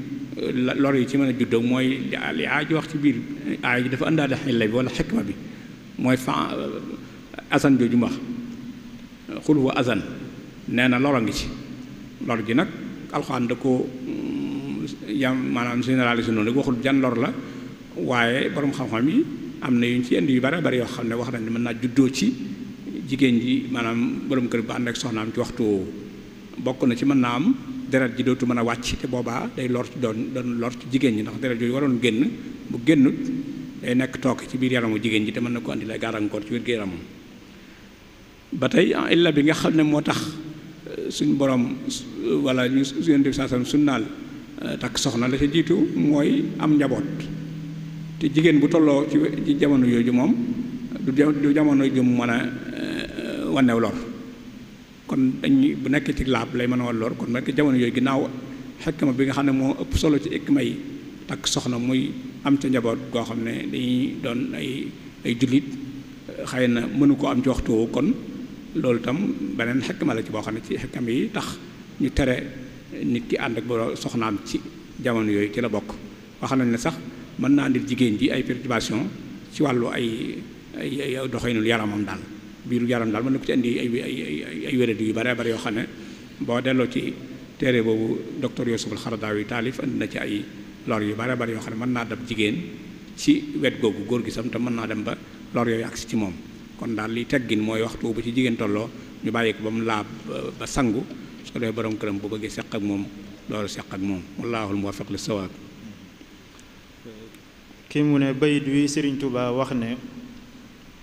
lor yi ci mën a juddoo mooy li aay ji wax ci biir aay ji dafa àndaale xilla bi wala xikma bi mooy fa asan jooju mu wax xul huwa asan nee na loro ngi ci lor gi nag alxuraan da ko mm, yam maanaam généralisé noonu rek waxul jan lor la waaye boroom xam-xam yi am na yuñ ci indi yu bare bari yoo xam ne wax nañ ne mën naa juddoo ci jigéen ji maanaam borom kër ba ànd ak soxnaam ci waxtu bokk na ci mën naa am deret ji dootu mën a wàcc te boobaa day lor ci doon doon lor ci jigéen ñi ndax deret yooyu waroon génn bu génnut day nekk toog ci biir yaramu jigéen ji te mën na ko andi lay gàllankoor ci biir gi yaramam ba tey illa bi nga xam ne moo tax suñ borom wala ñu yonent bi saasam naal eh, takk soxna la ca jiitu mooy am njaboot te jigéen bu tolloo ci jamono yooyu moom du jamono ju mën a eh, wanew lor kon dañuy bu nekkee ci laab lay mën a wan lor kon nekk jamono yooyu ginnaaw xekkma bi nga xam ne moo ëpp solo ci ikma may takk soxna muy am ca njaboot goo xam ne dañuy doon ay ay jullit eh, xëy na mënu ko am ci waxtu kon loolu itam beneen xekkma la ci boo xam ne ci xekkam yi tax ñu tere nit ki ànd ak boro soxnaam ci jamono yooyu ci la bokk wax nañ ne sax mën naa andil jigéen ji ay perturbation ci wàllu ay ay doxalinul yaramam daal biiru yaram daal mën na ko ci indi ay ay ay wéradi yu bare bare yoo xam ne boo delloo ci téere boobu docteur Yusuf al yi taalif indi na ci ay lor yu bare bare yoo xam ne mën naa dab jigéen ci wet googu góor gi sam te mën naa dem ba lor yooyu agsi ci moom kon daal li teggin mooy waxtu bu ci jigéen tolloo ñu bàyyi ko ba mu laab ba sangu su ko defee këram bu bëggee seq ak moom loolu seq ak moom wallaahul muwaffiq li sawaab Sëriñ Tuubaa wax ne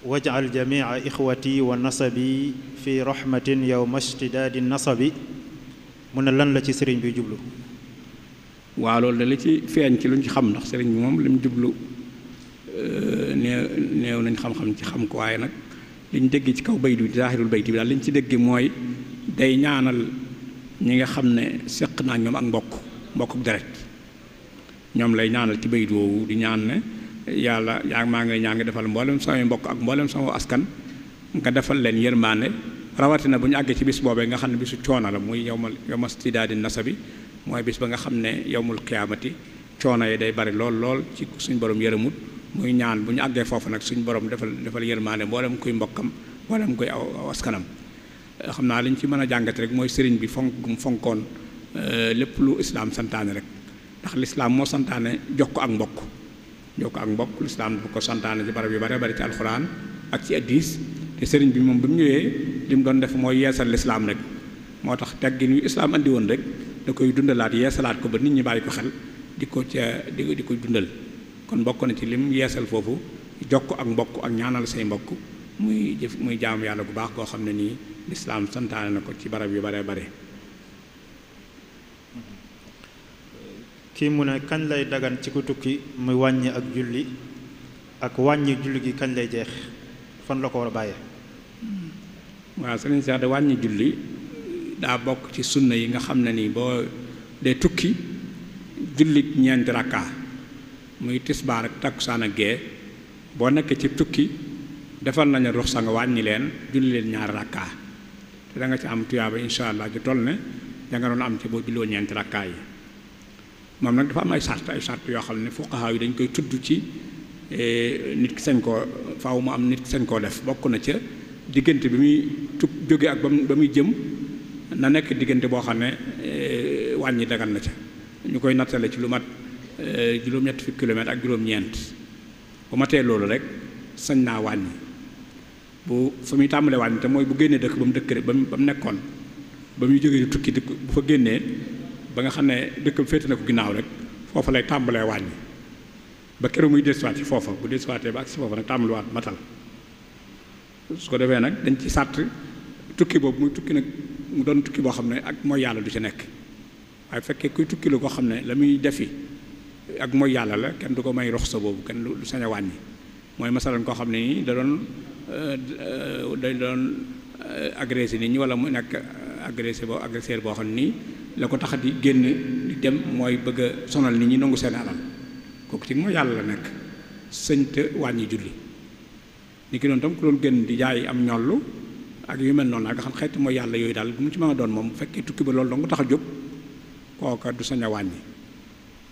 waj'al jamiica ixwati wa nasabi fi raxmatin yowma shtidaadi nasabi ne lan la ci sëriñ bi jublu waaw loolu da li ci feeñ ci lu ci xam ndax sëriñ bi moom li mu jublu euh, néew néew nañ xam-xam ci xam ko waaye nag li ñu ci kaw bayt bi zaahirul bayt bi daal li ñu ci déggee mooy day ñaanal ñi nga xam ne seq naa ñoom ak mbokk mbokku deret ñoom lay ñaanal ci bayt woowu di ñaan ne yàlla yaa maa ngi ñaan ngi defal mboolem samay mbokk ak mboolem sama askan nga defal leen yërmaande rawatina bu ñu àggee ci bis boobee nga xam ne bisu coono la muy yowmal yowma stidaadi nasabi mooy bis ba nga xam ne yowmul qiyaamati coono yi day bari lool lool ci suñ borom yërëmut muy ñaan bu ñu àggee foofu nag suñu borom defal defal yërmaande mboolem koy mbokkam mboolem koy aw askanam eh, xam naa li ñu ci mën a jàngat rek mooy sëriñ bi fonk mu fonkoon eh, lépp lu islaam santaane rek ndax lislaam moo santaane jox ko ak mbokk jox ko ak mbokk lislaam dafa ko santaane ci barab yu bare bari ci alxuraan ak ci addis te sëriñ bi moom bi mu ñëwee li mu doon def mooy yeesal lislaam rek moo tax teggin yu islaam andi woon rek da koy dundalaat yeesalaat ko ba nit ñi bàyyi ko xel di ko ca di ko dundal kon bokk na ci lim yeesal foofu jokk ak mbokk ak ñaanal say mbokk muy jëf muy jaamu yàlla bu baax koo xam ne nii lislaam santaane na ko ci barab yu bare bare kii mu ne kañ lay dagan ci ko tukki muy wàññi ak julli ak wàññi julli gi kañ lay jeex fan la ko war a bàyyee waaw sëriñ Seex wàññi julli daa bokk ci sunna yi nga xam ne ni boo dee tukki julli ñeenti rakkaa muy tisbaar ak takkusaan ak gee boo nekkee ci tukki defal nañu ruxsa nga wàññi leen julli leen ñaari rakkaa te da nga ci am tuyaaba incha allah ju toll ne da am ci boo julloo ñeenti rakkaa yi moom nag dafa am ay sart ay sart yoo xam ne fuqaha yi dañ koy tudd ci e, nit ki sañ koo faw mu am nit ki sañ koo def bokk na ca diggante bi muy tuk jóge ak ba muy jëm na nekk diggante boo xam ne e, wàññi dagan na ca ñu koy nattale ci lu mat Euh, juróom-ñett fi kilomètre ak juróom-ñeent bu matee loolu rek sañ naa wàññi bu fa muy tàmbalee wàññi te mooy bu génnee dëkk ba mu dëkk rek ba mu ba mu nekkoon ba muy jógee di tukki dëkk bu fa génnee ba nga xam ne dëkk bi féete na ko ginnaaw rek foofa lay tàmbalee wàññi ba keroog muy desuwaat ci foofa bu desuwaatee ba ak si foofa nag tàmbaliwaat matal su ko defee nag dañ ci sàtt tukki boobu muy tukki nag mu doon tukki boo xam ne ak mooy yàlla du ci nekk waaye fekkee kuy tukki la xam ne la muy defi ak mooy yàlla la kenn du ko may rox sa boobu kenn du sañ a wàññi mooy masalan koo xam ne nii da doon euh, da doon euh, agressé nit ñi wala mu nekk agressé boo agresseur boo xam ne nii la ko tax di génn di dem mooy bëgg sonal nit ñi nangu seen alal kooku ci mooy yàlla la nekk sëñta wàññi julli ni ki doon tam ku doon génn di jaay am ñollu ak yu mel noonu nga xam xeet mooy yàlla yooyu daal bu mu ci mën a doon moom mu fekkee tukki ba loolu dong tax a jóg kooka du sañ a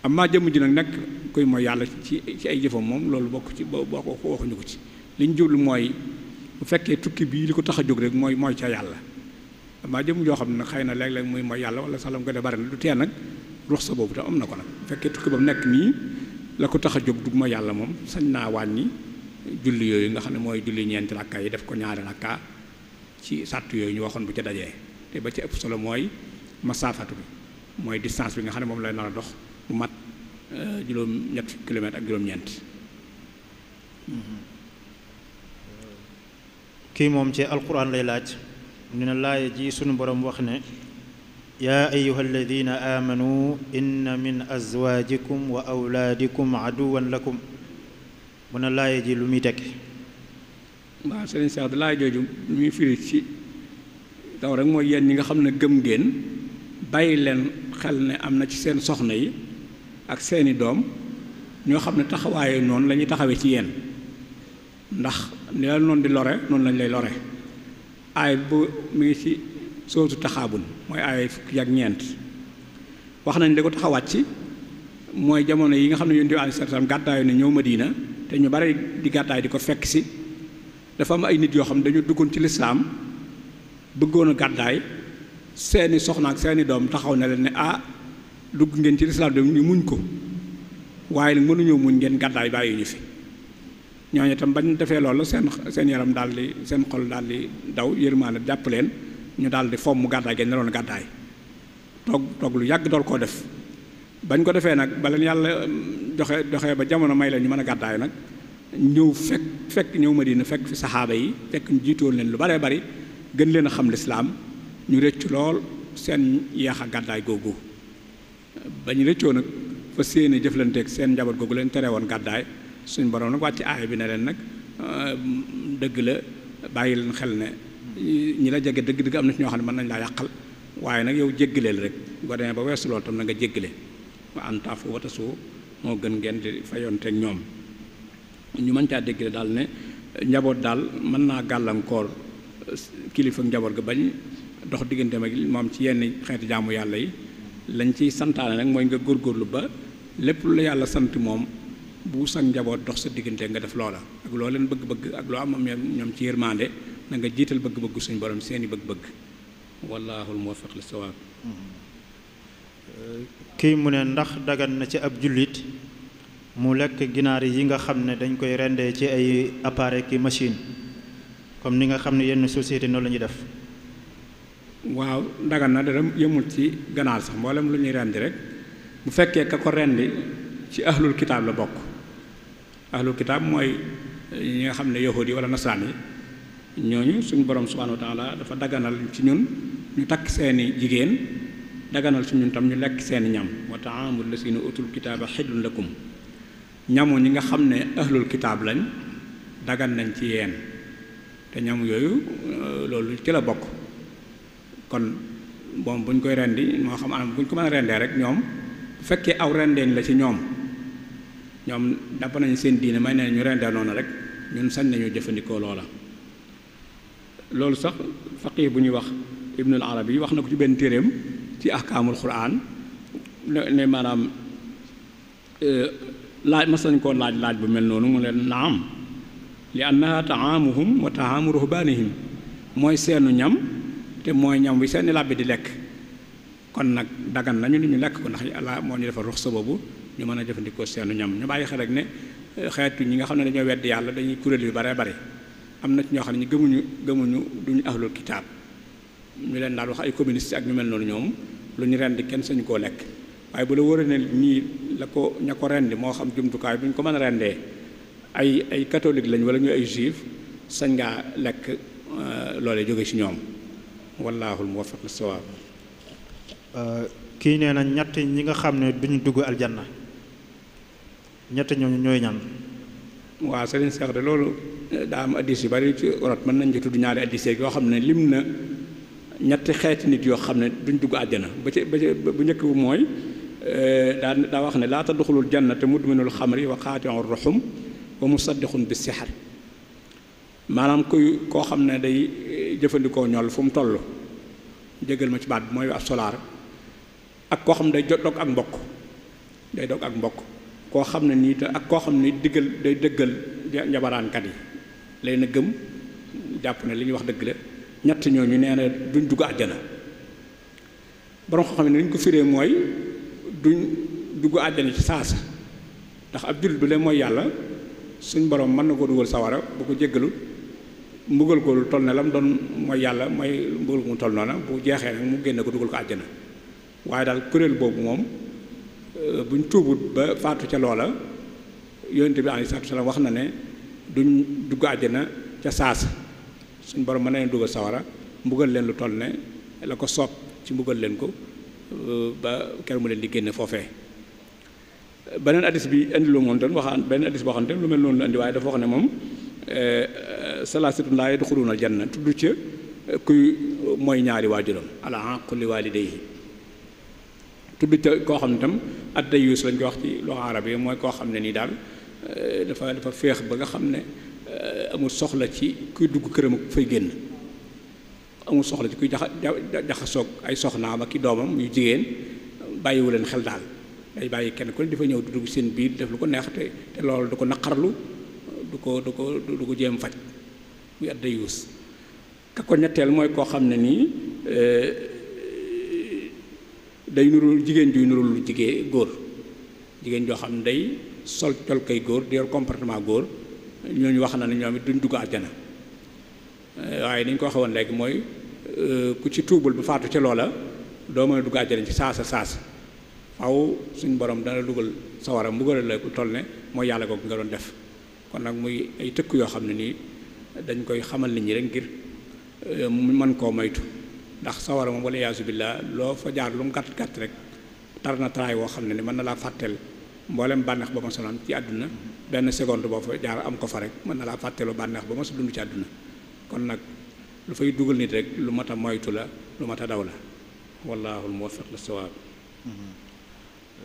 am maa jëmm ji nag nekk koy mooy yàlla ci ci ay jëfam moom loolu bokk ci boo ko waxuñu ko ci li ñu jublu mooy bu fekkee tukki bii li ko tax a jóg rek mooy mooy ca yàlla am maa joo xam ne xëy na léeg-léeg muy yàlla wala salam ko de bari na tee nag ruux sa boobu tam am na ko nag bu fekkee tukki ba mu nekk nii la ko tax a jóg dug ma yàlla moom sañ naa wàññi julli yooyu nga xam ne mooy julli ñeenti rakka yi def ko ñaari rakka ci sàtt yooyu ñu waxoon bu ca dajee te ba ci ëpp solo mooy masaafatu bi mooy distance bi nga xam ne moom lay nar a dox bu mat euh, hmm. kii moom ci alquran lay laaj ne na laaya ji suñu borom wax ne yaa ayuha alladina aamanu inna min azwaajikum wa awlaadikum aduwan lakum mu ne laaya ji lu muy tekki waaw sëriñ Cheikh da laaya jooju lu muy firi ci daw rek mooy yéen ñi nga xam ne gëm ngeen bàyyi leen xel ne am na ci seen soxna yi ak seeni doom ñoo xam ne taxawaaye noonu la ñuy taxawee ci yéen ndax ni la noonu di lore noonu lañ lay lore aay bu mu ngi ci sootu taxaabun mooy aay fukki ak ñeent wax nañ li ko taxawaat ci mooy jamono yi nga xam ne yoon bi alayhi salaam gàddaayu ne ñëw diina te ñu bari di gàddaay di ko fekk si dafa am ay nit yoo xam ne dañu duggoon ci lislaam bëggoon a gàddaay seeni soxna ak seeni doom taxaw na leen ne ah dugg ngeen ci lislaam dem ñu muñ ko waaye nag mënuñoo muñ ngeen gàddaay bàyyi ñu fi ñooñu itam bañ defee loolu seen seen yaram daal di seen xol daal di daw yërmaane jàpp leen ñu daal di fomm gàddaay ngeen naroon gàddaay toog toog lu yàgg door koo def bañ ko defee nag ba leen yàlla mm, joxe joxe ba jamono may la ñu mën a gàddaay nag ñëw fekk fekk ñëw Madina fekk fi saxaaba yi fekk ñu leen lu baree bari gën leen a xam lislaam ñu rëcc lool seen yeex a gàddaay googu ba ñu rëccoo nag fa séeni jëflanteek seen njaboot googu leen tere woon gàddaay suñ borom nag wàcc aaya bi ne leen nag dëgg la bàyyi leen xel ne ñi la jege dëgg dëgg am na ci ñoo xam ne mën nañ laa yàqal waaye nag yow jéggaleel rek boo demee ba weesu loolu tam na nga jéggile wa an taafu watasuu moo gën ngeen di fayonteeg ñoom ñu mën caa déggale daal ne njaboot daal mën naa gàllankoor kilifa njaboot ga bañ dox diggante ak moom ci yenn xeeti jaamu yàlla yi lañ ciy santaane rek mooy nga góor góorgóorlu ba lépp lu la yàlla sant moom bu sa njaboot dox sa diggante nga def loola ak loo leen bëgg-bëgg ak loo am am ñoom ci yërmande na nga jiital bëgg-bëggu suñu borom seeni bëgg-bëgg wallaahul muwaffiq li sawaab euh, ki mu ne ndax dagan na ci ab jullit mu lekk ginaar yi nga xam ne dañ koy rendee ci ay appareil ki machine comme ni nga xam ne yenn societé noonu la ñuy def waaw dagan na dara yëmul ci ganaar sax mboolem lu ñuy rend rek bu fekkee ka ko rendi ci ahlul kitaab la bokk ahlul kitaab mooy ñi nga xam ne yahud yi wala nasraan yi ñooñu suñu borom subhanahu wa taala dafa daganal ci ñun ñu takk seeni jigéen daganal ci ñun tam ñu lekk seeni ñam wa taamul la sina utul kitaaba xillun lakum ñamu ñi nga xam ne ahlul kitaab lañ dagan nañ ci yeen te ñamu yooyu loolu ci la bokk kon moom bu ñu koy rendi moo xam anam bu ñu ko mën a rendee rek ñoom bu fekkee aw rendeen la ci ñoom ñoom dàpp nañu seen diine may ne ñu rendee noonu rek ñun sañ nañu jëfandikoo loola loolu sax faqih bu ñuy wax ibnul arabi wax na ko ci benn téereem ci ahkaamul quran ne maanaam e, laaj mas nañ koo laaj laaj bu mel noonu mu leen naam li annaha taamuhum wa taamu ruhbaanihim mooy seenu ñam te mooy ñam wi seeni làbbe di lekk kon nag dagan nañu ni ñu lekk ko ndax Yàlla moo ñu defal ruxsa boobu ñu mën a jëfandikoo seenu ñam ñu bàyyi xel rek ne eh, xeetu ñi nga xam ne dañoo weddi yàlla dañuy kuréel yu bare bare am na ci ñoo xam ne ñu gëmuñu gëmuñu ñu ahlul kitaab ñu leen daal wax ay communiste ak ñu mel noonu ñoom lu ñu rendi kenn sañu koo lekk waaye bu la wóoree ne nii la ko ña ko rendi moo xam jumtukaay bu ñu ko mën a rendee ay ay catholique lañ wala ñu ay juif sañ ngaa lekk eh, loolee jóge ci ñoom wallaahul muwaffiq li sawaab euh, kii nee na ñett ñi nga xam ne duñu dugg aljanna ñett ñooñu ñooy ñan waaw sëriñ Seex de loolu euh, daa am addis yu bari ci rot mën nañ ci tudd ñaari addis yoo xam ne lim na ñetti xeeti nit yoo xam ne duñ dugg àjjana ba ci ba ci bu njëkk bu mooy euh, daa daa wax ne laa tadxulul jannata mudminul xamri wa qaati'ur ruxum wa musaddiqun bis sixar maanaam kuy koo xam ne day eh, jëfandikoo ñol fu mu toll jégal ma ci baat bi mooy ab solaar ak koo xam ne day dog ak mbokk day dog ak mbokk koo xam ne nii ak koo xam ne diggal day dëggal njabaraankat yi lay gëm jàpp ne li ñuy wax dëgg la ñett ñooñu nee na duñ dugg àjjana borom xam ne ni ko firee mooy duñ dugg àjjana ci saasa ndax ab jullit bu leen mooy yàlla suñ borom mën na ko dugal sawara bu ko jéggalul mbugal ko lu toll ne lam doon mooy yàlla mooy mbugal ko mu toll noona bu jeexee nag mu génne ko dugal ko àjjana waaye daal kuréel boobu moom euh, buñ tuubut ba faatu ca loola yonent bi alayhi salaatu wax na ne duñ dugg àjjana ca suñ borom mën na leen dugal sawara mbugal leen lu toll ne la ko soob ci mbugal leen ko euh, ba ker mu leen di génne foofee beneen addis bi indi lu moom tam waxaan beneen addis boo xam ne lu mel noonu la indi waaye dafa wax ne moom euh, salaasatu laa yadxuluuna aljanna tudd ca eh, kuy eh, mooy ñaari waajuram ala aqu li waalidayhi tudd ca koo xam ne tam addayus lañ ko wax ci loxo arab yi mooy koo xam ne nii daal eh, dafa dafa féex ba nga xam ne amul soxla ci kuy dugg këram ak fay génn amul soxla ci kuy jaxa jaxasoog ay soxnaam ak i doomam yu jigéen bàyyiwu leen xel daal day bàyyi kenn ku ne dafa ñëw di dugg seen biir def lu ko neex te te loolu du ko naqarlu du ko du ko du ko muy addayuus ka ko ñetteel mooy koo xam ne nii eh, day nurul jigéen juy nurul lu jigéen góor jigéen joo xam ne day sol col kay góor di yor comportement góor ñooñu wax na ne ñoom it duñ dugg àjjana eh, waaye ni ñu ko waxee woon mooy eh, ku ci tuubul bu faatu ci loola doo mën a dugg àjjana ci saasa saasa faaw suñ borom dana dugal sawara mbugal la ku toll ne mooy yàlla googu nga doon def kon nag muy ay tëkk yoo xam ne nii. dañ koy xamal nit ñi rek ngir euh, mu man koo moytu ndax sawara moom wala yaasu billaa loo fa jaar lu mu gàtt gàtt rek tar na taraay woo xam ne ni mën na laa fàtteel mboolem bànneex ba ma sonal ci àdduna benn seconde boo fa jaar am ko fa rek mën na laa fàtteelu bànneex ba ma sa dund ci àdduna kon nag lu fay dugal nit rek lu mat a moytu la lu mat a daw la wallaahu al-muwaffiq la sawaab mm-hmm.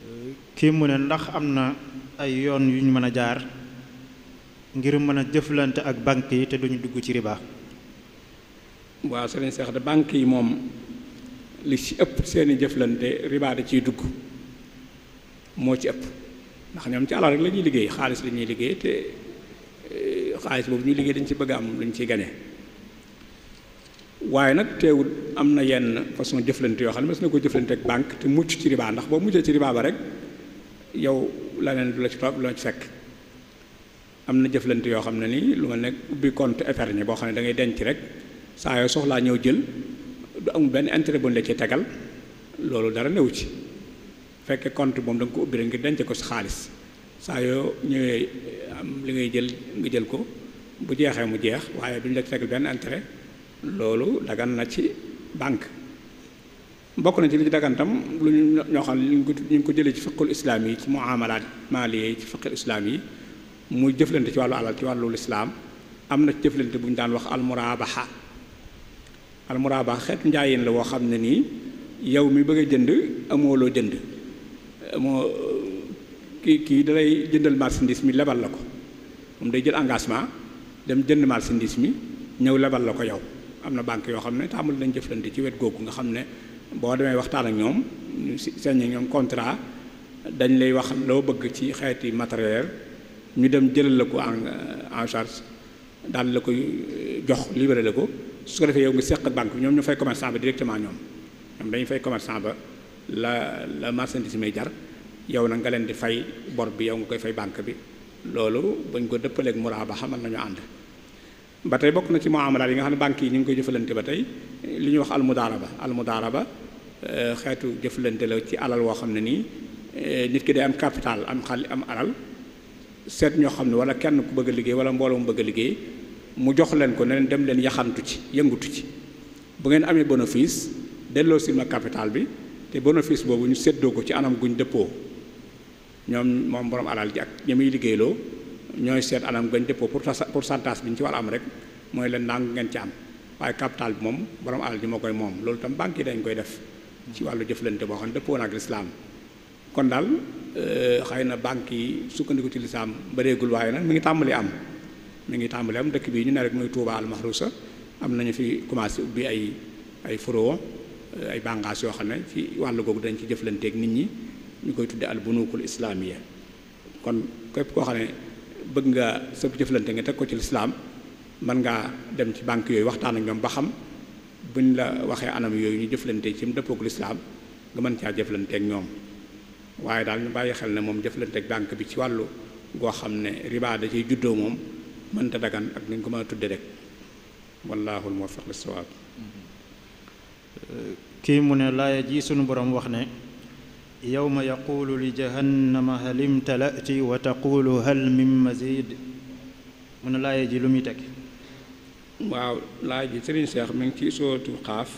euh, kii mu ne ndax am na ay yoon yu ñu mën a jaar ngir mën a jëflante ak banque yi te duñu dugg ci riba waaw sëriñ Seex de banque yi moom li ci ëpp seeni jëflante ribaa da ciy dugg moo ci ëpp ndax ñoom ci alal la ñuy liggéey xaalis lañuy ñuy liggéey te eh, xaalis boobu ñuy liggéey dañ ci bëgg a am lu ñu ciy gane waaye nag teewul am na yenn façon jëflante yoo xam ne mas na ko jëflante ak banque te mucc ci riba ndax boo muccee ci riba ba rek yow la neen la ci topp du la ci fekk am na jëflante yoo xam ne nii lu ma nekk ubbi compte épargne boo xam ne dangay ngay denc rek saa yoo soxlaa ñëw jël du amul benn intérêt bu la ci tegal loolu dara newu ci fekkee compte moom da ko ubbi rek ngir denc ko si xaalis saa yoo ñëwee am ngay jël nga jël ko bu jeexee mu jeex waaye duñ la ci tegal benn intérêt loolu dagan na ci banque bokk na ci li ci dagantam lu ñu ñoo xam ne ñu ko jëlee ci fiqul islam yi ci muamalaat maaliye ci fiqul islam yi muy jëflante ci wàllu alal ci wàllu lislaam am na jëflante bu ñu daan wax almuraabaxa almuraabaxa xeet njaayin la woo xam ne nii yow mi bëgg a jënd amoo loo jënd moo kii kii dalay jëndal marchandise mi lebal la ko moom day jël engagement dem jënd marchandise mi ñëw lebal la ko yow am na banque yoo xam ne taamul nañ jëflante ci wet googu nga xam ne boo demee waxtaan ak ñoom ñu signé ñoom contrat dañ lay wax loo bëgg ci xeeti matériel ñu dem jëlal la ko en euh, en charge la koy euh, jox libéré la ko su ko defee yow nga seq banque bi ñoom ñu fay commerçant ba directement ñoom ñoom dañu fay commerçant ba la la marchandise may jar yow nag nga leen di fay bor bi yow nga koy fay banque bi loolu buñ ko dëppaleeg muraa ba xamal nañu ànd ba tey bokk na ci muamalaat yi nga xam ne banque yi ñu ngi koy jëfalante ba tey li ñuy wax almudaaraba almudaaraba euh, xeetu jëfalante la ci alal woo xam ne nii nit ki day am capital am am alal seet ñoo xam ne wala kenn ku bëgg a liggéey wala mbooloo mu bëgg a liggéey mu jox leen ko ne leen dem leen yaxantu ci yëngutu ci bu ngeen amee bénéfice delloo si capital bi te bénéfice boobu ñu séddoo ko ci anam guñ dëppoo ñoom moom borom alal ji ak ñi muy liggéeyloo ñooy seet anam guñ dëppoo pourcentage bi ñu ci war a am rek mooy leen nangu ngeen ci am waaye capital bi moom borom alal ji moo koy moom loolu tam banque dañ koy def ci wàllu jëflante boo xam ne dëppoo na ak lislaam kon daal euh, xëy na banque yi sukkandiku ci lislaam bareegul waaye nag mu ngi tàmbali am mu ngi tàmbali am dëkk bii ñu ne rek muy Touba almahrusa am nañu fi commencé ubbi ay ay furo euh, ay bànqaas yoo xam ne ci wàll googu dañ ci jëflanteeg nit ñi ñu koy tudde al bunukul islaamiya kon képp koo xam ne bëgg nga sa jëflante nga teg ko ci lislaam mën ngaa dem ci banque yooyu waxtaan ak ñoom ba xam buñ la waxee anam yooyu ñu jëflante ci mu dëppook lislaam nga mën caa jëflanteeg ñoom waaye daal ñu bàyyi xel ne moom jëflanteeg banque bi ci wàllu goo xam ne riba da ciy juddoo moom mënta dagan ak ni ñu ko mën a tudde rek wallaahu al-muwaffiq lis-sawaab kii mu ne laaya ji suñu borom wax ne yawma yaquulu li jahannama hal imtala'ti wa taqulu hal min mazid mu ne laaya ji lu muy teg waaw laaya ji sëriñ Seex mi ngi ci sootu xaaf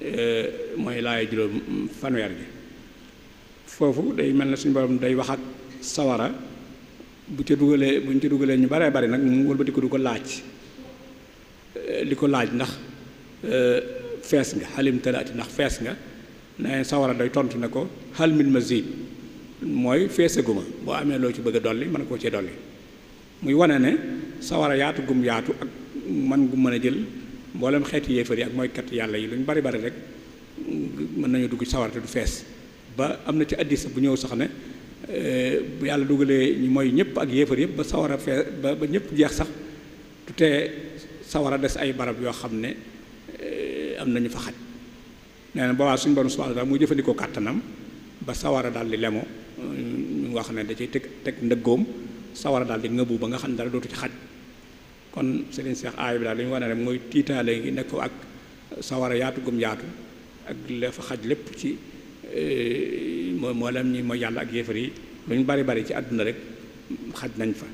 eh, mooy laaya juróom fanweer gi foofu day mel ne suñu borom day wax ak sawara bu ca dugalee buñ ca dugalee ñu baree bari nag mu wëlbati ko du ko laaj li eh, ko laaj ndax eh, fees nga xalim talaati ndax fees nga ne sawara day tontu ne ko xal ma mazid mooy feesaguma boo amee loo ci bëgg a dolli mën koo cee dolli muy wane ne sawara yaatu gum yaatu ak man gu mën a jël mboolem xeeti yéefar yi ak mooy kat yàlla yi lu ñu bari bari rek mën nañu dugg ci sawara te du fees ba am na ci addis bu ñëw sax ne eh, bu yàlla dugalee ñu mooy ñëpp ak yéefar yëpp ba sawara fee ba ba ñëpp jeex sax tu tee sawara des ay barab yoo xam ne eh, am na ñu fa xaj nee na boobaa suñu borom subhanahu jëfandikoo kàttanam ba sawara daal di lemo ñu wax ne da ciy teg teg ndëggoom sawara daal nga ngëbu ba nga xam ne dara dootu ci xaj kon Serigne Cheikh aaya bi daal li ñu war ne rek mooy tiitaale ngi nekk ak sawara yaatu gum yaatu ak la fa xaj lépp ci moo moo lam ñi mooy yàlla ak yéfar yi lu ñu bari bari ci àdduna rek xaj nañ fa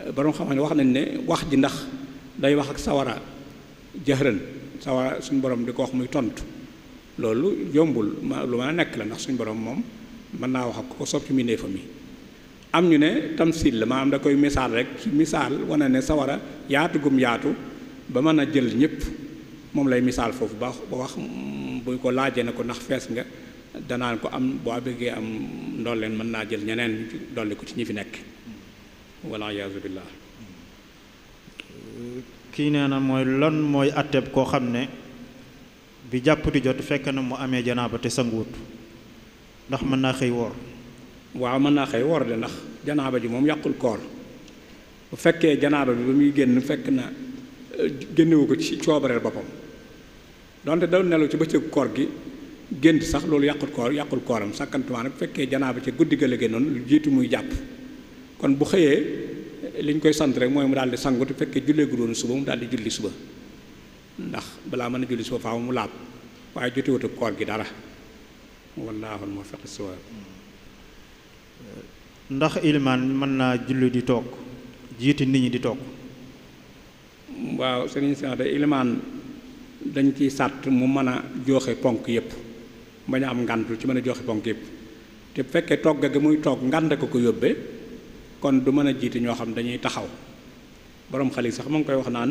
eh, borom xam ne wax nañ ne wax ji ndax day wax ak sawara jëxëran sawara suñu borom di ko wax muy tontu loolu yombul ma lu mën nekk la ndax suñu borom moom mën naa wax ak ko sopp ci mbindeef mi am ñu ne tamsil la maanaam da koy misaal rek su misaal wane ne sawara yaatu gum yaatu ba mën a jël ñépp moom lay misaal foofu ba ba wax mm, bu ko laajee ne ko ndax fees nga danaan ko am boo bëggee am ndolleen mën naa jël ñeneen dolli ko ci ñi fi nekk walla iyaazu billaah kii nee na mooy lan mooy àtteeb koo xam ne bi jàpp di jot fekk na mu amee janaaba te sanguwut ndax mën naa xëy woor waaw mën naa xëy woor de ndax janaaba ji moom yàqul koor bu fekkee janaaba bi ba muy génn fekk na euh, génnewu ko ci coobareel boppam donte daw nelaw ci bëccëgu koor gi gént sax loolu yàqul koor yàqul kooram sàkkantumaa nag bu fekkee janaaba ca guddi ga la génnoon lu jiitu muy jàpp kon bu xëyee li ñu koy sant rek mooy mu daal di sangu te fekkee jullee gu doon suba mu daal di julli suba ndax balaa mën a julli suba faaw mu laab waaye jotewut ak koor gi dara wallaahu al-muwaffiq as-sawaab ndax ilimaan mën naa julli di toog jiite nit ñi di toog waaw sëriñ Cheikh de ilimaan dañ ciy sàtt mu mën a jooxe ponk yépp bañ a am ngàntu ci mën a joxe ponk yëpp te bu fekkee togg gi muy toog ngànd ko ko yóbbee kon du mën a jiite ñoo xam dañuy taxaw borom xali sax mu ngi koy wax naan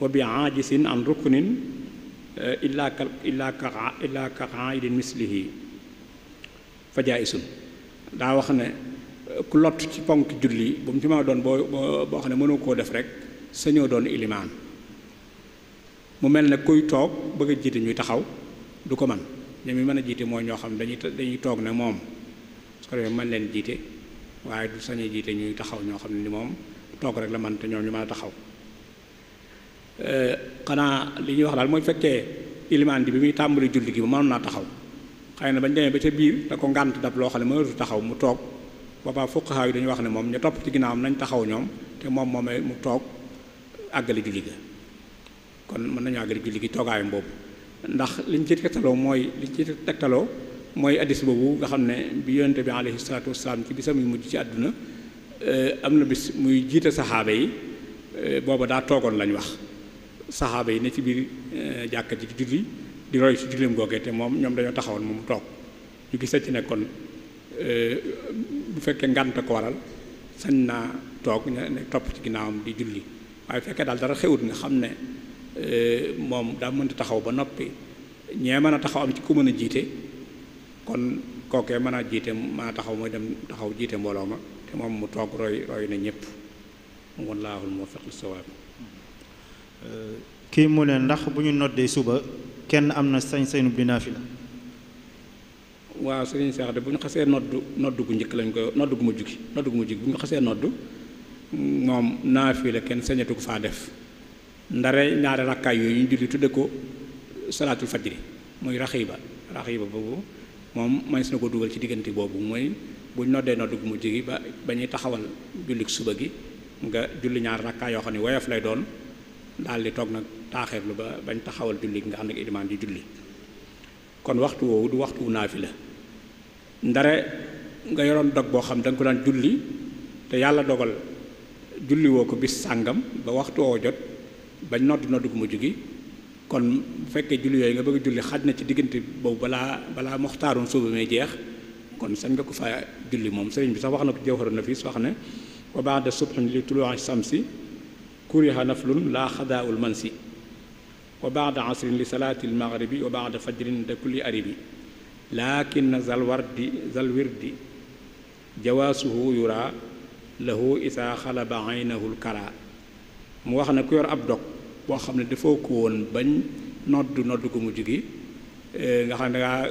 wa bi aajisin an ruknin eh, illaa ka illaa ka illaa ka aidin mislihi fajaisun daa wax ne ku lot ci ponk julli bu mu ci ma doon boo boo xam ne mënoo koo def rek sañoo doon ilimaan mu mel ne kuy toog bëgg a jiite ñuy taxaw du ko man ñoom yi mën a jiite mooy ñoo xam ne dañuy dañuy toog ne moom su ko defee leen jiite waaye du sañee jiite ñuy taxaw ñoo xam ne ni moom toog rek la mën te ñoom ñu mën a taxaw euh, xanaa li ñuy wax daal mooy fekkee ilimaan bi bi tàmbali julli gi naa taxaw xëy na bañ demee ba ca biir da ko ngànt dab loo xam ne mënatu taxaw mu toog boobaa fuqahaa yi dañuy wax ne moom ñu topp ci am nañ taxaw ñoom te moom moomee mu toog àggale julli ga kon mën nañu àggale julli gi toogaayam boobu ndax liñ ci tegtaloo mooy liñ ci tegtaloo mooy addis boobu nga xam ne bi yonente bi alayhi salaatu wasalaam ci bisam yu mujj ci àdduna eh, am na bis muy jiite saxaaba yi eh, booba daa toogoon lañ wax saxaaba yi ne ci biir eh, jàkka ji di julli di roy ci julleem googee te moom ñoom dañoo taxawoon moom toog ñu gis ci nekkoon bu fekkee ngànta ko waral sañ naa toog ne topp ci ginnaawam di julli waaye fekkee daal dara xewut nga xam ne Euh, moom daa mënta taxaw ba noppi ñee mën a taxaw am ci ku mën a jiite kon kookee mën a jiite ma taxaw mooy dem taxaw jiite mbooloo ma te moom mu toog roy roy na ñëpp wallaahul muwaffiq li sawaab kii mu ne ndax bu ñu noddee suba kenn am na sañ-sañu bi naafila waaw sëriñ Seex de bu ñu xasee noddu noddu gu njëkk lañ koy noddu gu mujj gi noddu gu mujj gi bu ñu xasee noddu moom naafila kenn sañatu ko faa def ndare ñaari rakkaay yooyu ñu julli tudde ko salaatul fajri muy raxiiba raxiiba boobu moom mënees na ko dugal ci diggante boobu mooy buñ noddee nodd gu mujj gi ba ba ñuy taxawal jullik suba gi nga julli ñaari rakkaay yoo xam ne woyof lay doon daal toog nag taaxeerlu ba bañ taxawal julli nga xam ne imaam di julli kon waxtu woowu du waxtu wu naafi la ndare nga yoroon dog boo xam da nga ko daan julli te yàlla dogal julli woo ko bis sàngam ba waxtu woo jot bañ nodd nodd gu mujj gi kon bu fekkee julli yooyu nga bëgg a julli xaj na ci diggante boobu balaa balaa moxtaaroon suuba may jeex kon sañ nga ko fa julli moom sëriñ bi sax wax na ko jawharu nafis wax ne wa baada subhin li tuluu'i samsi kuriha naflun laa xadaa'ul mansi wa baada asrin da kulli aribi laakin zalwardi zalwirdi jawaasuhu yura lahu isaa xalaba aynahu lkara wax na ku yor ab dog boo xam ne defoo ko woon bañ nodd nodd ko mu gi eh, nga xam ne dangaa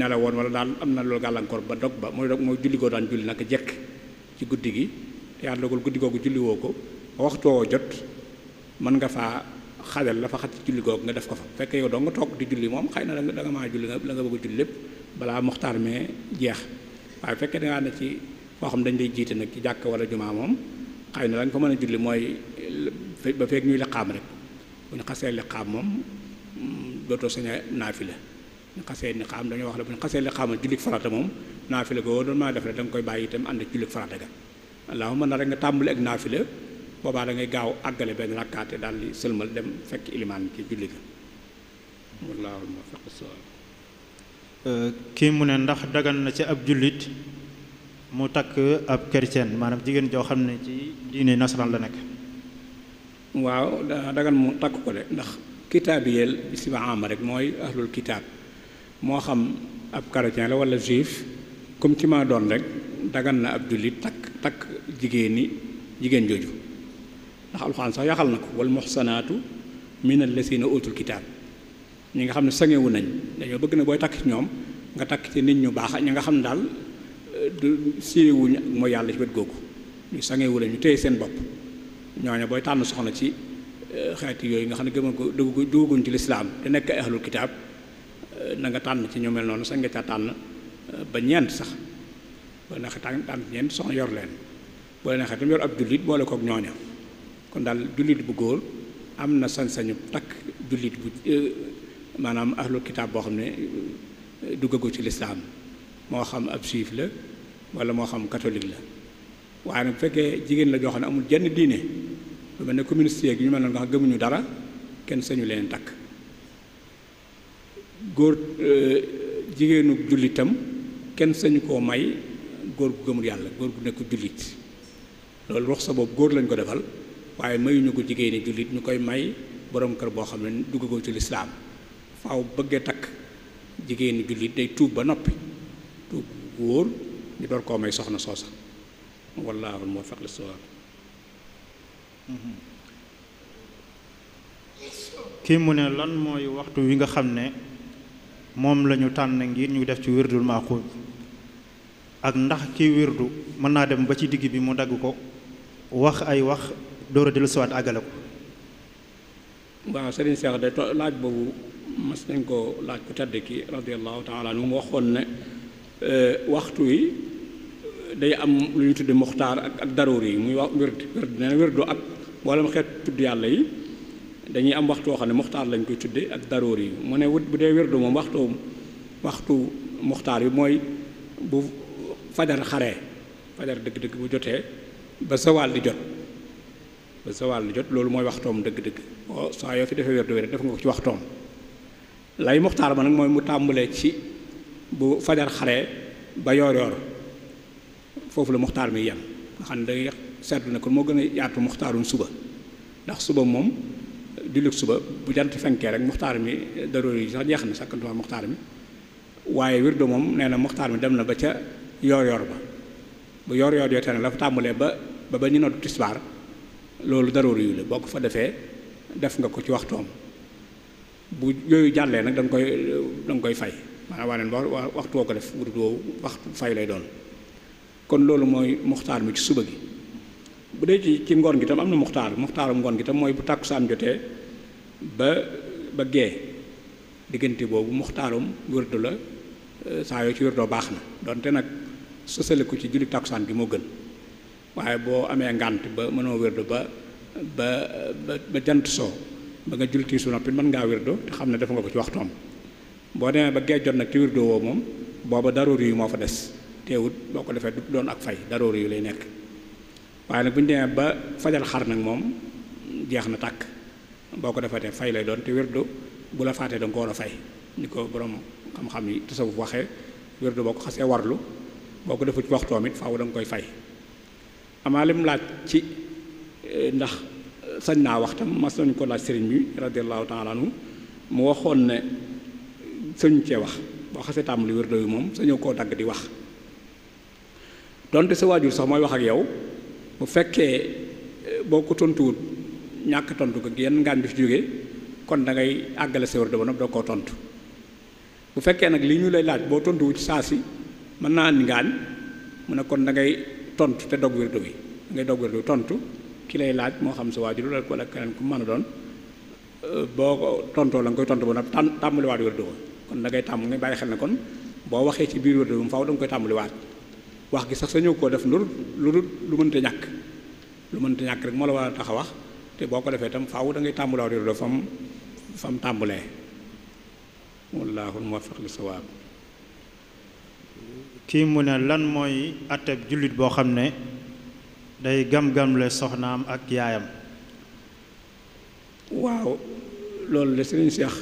nelaw woon wala daal am na loolu gàllankoor ba dog ba mooy dog mooy julli goo daan julli nag jekk ci guddi gi yaa guddi googu julli ko waxtu jot mën nga faa xajal la fa xat ci julli nga def ko fa fekk yow doo nga toog di julli moom xëy na da nga maa julli la nga bëgg julli lépp balaa muxtaar mee jeex waaye fekkee dangaa ci foo xam dañ lay jiite nag ci jàkk wala jumaa moom xay na la nga fa mën a julli mooy ba feek ñuy laqaam rek bu ñu xasee liqaam moom mm, dootoo sañ a naafila bu ñu xasee liqaam dañoo wax ne bu ñu xasee liqaam jullit farata moom naafila ko woo doon maa def rek da koy bàyyi itam ànd ak jullit farata ga allahuma na rek nga tàmbali ak naafila boobaa da ngay gaaw àggale benn rakkaate daal di sëlmal dem fekk ilimaan ci euh, mu ne ndax dagan na ci ab jullit mu takk ab chrétien maanaam jigéen joo xam ne ci diine nasaraan la nekk waaw dagan mu takk ko de ndax kitaabiyeel bi si ama rek mooy ahlul kitaab moo xam ab chrétien la wala juif comme ci maa doon rek dagan na ab jullit takk takk jigéen ñi jigéen jooju ndax alxuraan sax yaxal na ko wal muxsanaatu min allazina utul kitaab ñi nga xam ne sangewu nañ dañoo bëgg na booy takk ci ñoom nga takk ci nit ñu baax ñi nga xam ne daal du siiwuñu mooy yàlla ci wet googu ñu sangewu nañ ñu téye seen bopp ñooñu booy tànn soxna ci euh, xeeti yooyu nga xam ne gëma ko dugg dugguñ ci lislaam te nekk ay ahlul kitaab euh, na nga tànn ci ñu mel noonu sax nga caa tànn euh, ba ñeent sax boo neexee tànn tànn ñeent soxna yor leen boo neexee tam yor ab jullit boole ak ñooña kon daal jullit bu góor am na sañ-sañu takk jullit bu maanaam ahlul kitaab boo xam ne duggagu ci lislaam moo xam ab juif la wala moo xam catholique la waaye nag bu fekkee jigéen la joxam ne amul jenn diine lu ma ne communiste yeeg ñu mel noonu nga xam gëmuñu dara kenn sañu leen takk góor euh, jigéenu jullitam kenn sañu ko may góor gu gëmul yàlla góor gu nekk jullit loolu wax sa boobu góor lañ ko defal waaye mayuñu ko jigéeni jullit ñu koy may borom kër boo xam ne dugg duggagoo ci lislaam faaw bëggee takk jigéeni jullit day tuub ba noppi tuub wóor ñu door koo may soxna soosa wallaahu muwaffiq li sawaab kii mu ne lan mooy waxtu wi nga xam ne moom lañu tànn ngir ñu def ci wirdul maaxuuj ak ndax kii wirdu mën naa dem ba ci digg bi mu dagg ko wax ay wax door a dellusiwaat àggale ko waaw Serigne Cheikh de laaj boobu mas nañ ko laaj ku tedd ki radiyallahu taala mu waxoon ne euh, waxtu yi day am lu ñu tudde muxtaar ak ak daroor yi muy wax wérd wérd nee na wérdu ak mboolem xeet tudd yàlla yi dañuy am waxtu woo xam ne muxtaar lañu koy tudde ak daroor yi mu ne wut bu dee wérdu moom waxtu waxtu muxtaar yi mooy bu fajar xaree fajar dëgg-dëgg bu jotee ba sawaal di jot ba sawaal di jot loolu mooy waxtoom dëgg-dëgg saa yoo fi defee wérdu wérd def nga ko ci waxtoom lay muxtaar ma nag mooy mu tàmbalee ci bu fajar xaree ba yoor yoor foofu la muxtaar mi yem nga xam ne day seetlu na ko moo gën a yaatu muxtaarum suba ndax suba moom jullit suba bu jant fenkee rek muxtaar mi daroor yi sax jeex na sakkantuwaa muxtaar mi waaye wirdo moom nee na muxtaar mi dem na ba ca yoor yoor ba bu yoor yoor yootee nag la fa tàmbalee ba ba ba ñu noddu tisbaar loolu daroor yu la boo ko fa defee def nga ko ci waxtoom bu yooyu jàllee nag da koy da koy fay maanaam waa neen waxtu woo ko def wurdu woowu waxtu lay doon kon loolu mooy muxtaar mi ci suba gi bu dee ci ci ngoon gi tam am na muxtaar muxtaaru ngoon gi tam mooy bu tàkkusaan jotee ba ba gee diggante boobu muxtaarum wérdu la euh, saa yoo ci wérdoo baax na donte nag sësale ko ci julli tàkkusaan gi moo gën waaye boo amee ngànt ba mënoo wérdu ba ba ba jant soo ba tiisu noppi mën ngaa wérdo te xam ne def nga ko ci waxtoom boo demee ba gee jot nag ci wérdoo woo moom booba daruur yi moo fa des teewut boo ko defee du doon ak fay daroor yu lay nekk waaye nag bu ñu demee ba fajal xar nag moom jeex na tàkk boo ko defee te fay lay doon te wirdu bu la faatee danga ko war a fay ni ko boroom xam-xam yi tasawuf waxee wirdu boo ko xasee warlu boo ko defut ci waxtoom it faaw da nga koy fay amaa lim laaj ci eh, ndax eh, sañ naa waxtam mas nañu ko laaj sëriñ bi radiallahu taala anhu mu waxoon ne sëñ cee wax boo xasee tàmbali wirdu yi moom sañoo koo dagg di wax donte sa waajur sax mooy wax ak yow bu fekkee eh, boo ko tontuwul ñàkk tontu ko yenn ngaan bi fi jógee kon da ngay àggale sa war da ba nag doo ko tontu bu fekkee nag li ñu lay laaj boo tontuwu ci saa si mën naa andi ngaan mu ne kon da ngay te dog wirdu bi ngay dog wirdu tontu ki lay laaj moo xam sa waajur la wala keneen ku mën a doon eh, boo ko tontoo la nga koy tontu ba nag tàmbaliwaat wirdu kon dangay ngay tàmm ngay bàyyi xel ne kon boo waxee ci biir wirdu bi mu faaw da koy tàmbaliwaat wax gi sax sa ñëw koo def lu lu lu mënta ñàkk lu mënta ñàkk rek moo la war a tax wax te boo ko defee itam faaw da ngay tàmbulaaw réeru fam fam tàmbulee wallaahu muwaffiq li sawaab kii mu ne lan mooy atteb jullit boo xam ne day gam-gamle soxnaam ak yaayam waaw loolu de sëriñ Seex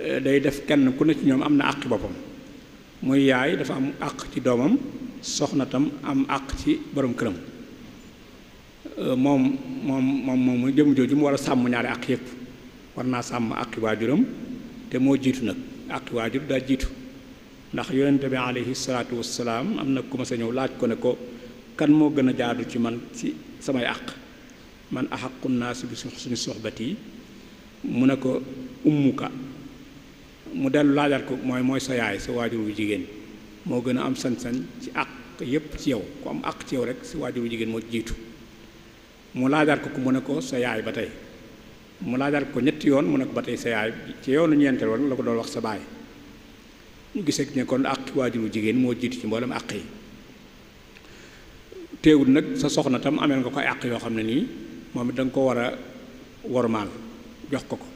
eh, day def kenn ku ne ci ñoom am na àqi boppam muy yaay dafa am àq ci doomam soxna tam am àq ci boroom këram euh, moom moom moom moom jëm jooju mu war a sàmm ñaari àq yëpp war naa sàmm àqi waajuram te moo jiitu nag àqi waajur daa jiitu ndax yonente bi alayhi salaatu wasalaam am na ku ma sa ñëw laaj ko ne ko kan moo gën a jaadu ci man ci samay àq man axaqu naasi bi suñu suñu soxbat yi mu ne ko ummuka mu dellu laajar ko mooy mooy sa yaay sa waajur wu jigéen moo gën a am sañ-sañ ci àq yépp ci yow ku am àq ci yow rek si waajur wu jigéen moo jiitu mu laajal ko ku mu ne ko sa ba tey mu laajal ko ñetti yoon mu ne ba tey sa yaay ci yoonu ñeenteel la ko doon wax sa baay ñu gisee ne kon àq waajur wu jigéen moo jiitu ci mboolem àq yi teewul nag sa soxna tam ameel nga ko àq yoo xam ne nii moom it da nga ko war a wormaal jox ko ko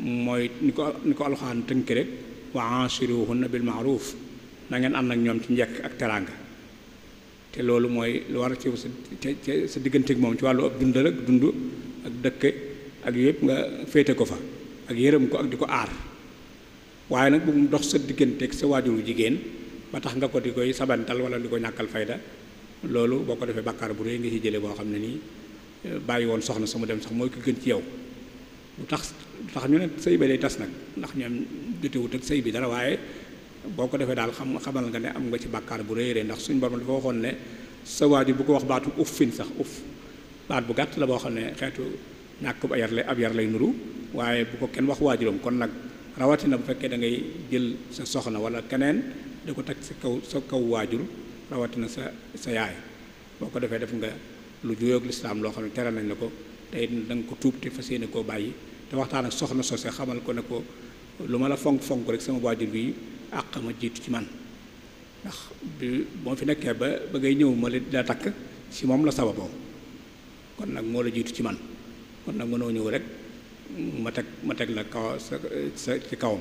mooy ni ko ni ko alxaan tënk rek wa ansiruhunna bil maaruf na ngeen ànd nag ñoom ci njekk ak teraanga te loolu mooy lu war a ci sa sa digganteek moom ci wàllu ab dundal ak dund ak dëkk ak yépp nga féete ko fa ak yërëm ko ak di ko aar waaye nag bu mu dox sa digganteeg sa waajuru jigéen ba tax nga ko di koy sabantal wala di ko ñàkkal fayda loolu boo ko defee bàkkaar bu rëy nga ci jëlee boo xam ne nii eh, bàyyi woon soxna sama dem sax mooy ki gën ci yow bu tax tax ñu ne sëy ba day tas nag ndax ñoom jotewut ak sëy bi dara waaye boo ko defee daal xam xamal nga ne am nga ci bàkkaar bu rëy rëy ndax suñ borom dafa waxoon ne sa waajur bu ko wax baatu uf fin sax uff baat bu gàtt la boo xam ne xeetu ñàkk ab yar lay ab yar lay nuru waaye bu ko kenn wax waajuram kon nag rawatina bu fekkee da ngay jël sa soxna wala keneen da ko teg sa kaw sa kaw waajur rawatina sa sa yaay boo ko defee def nga lu juyoog lislaam loo xam ne tere nañ la ko tey da nga ko tuub te fas yéene koo bàyyi te waxtaan ak soxna sose xamal ko ne ko lu ma la fonk-fonk rek sama waajur bi àq ma jiitu ci man ndax bi moo fi nekkee ba bëgg ay ñëw ma la takk si moom la sababoo kon nag moo la jiitu ci man kon nag mënoo ñëw rek ma teg ma teg la kaw sa sa ci kawam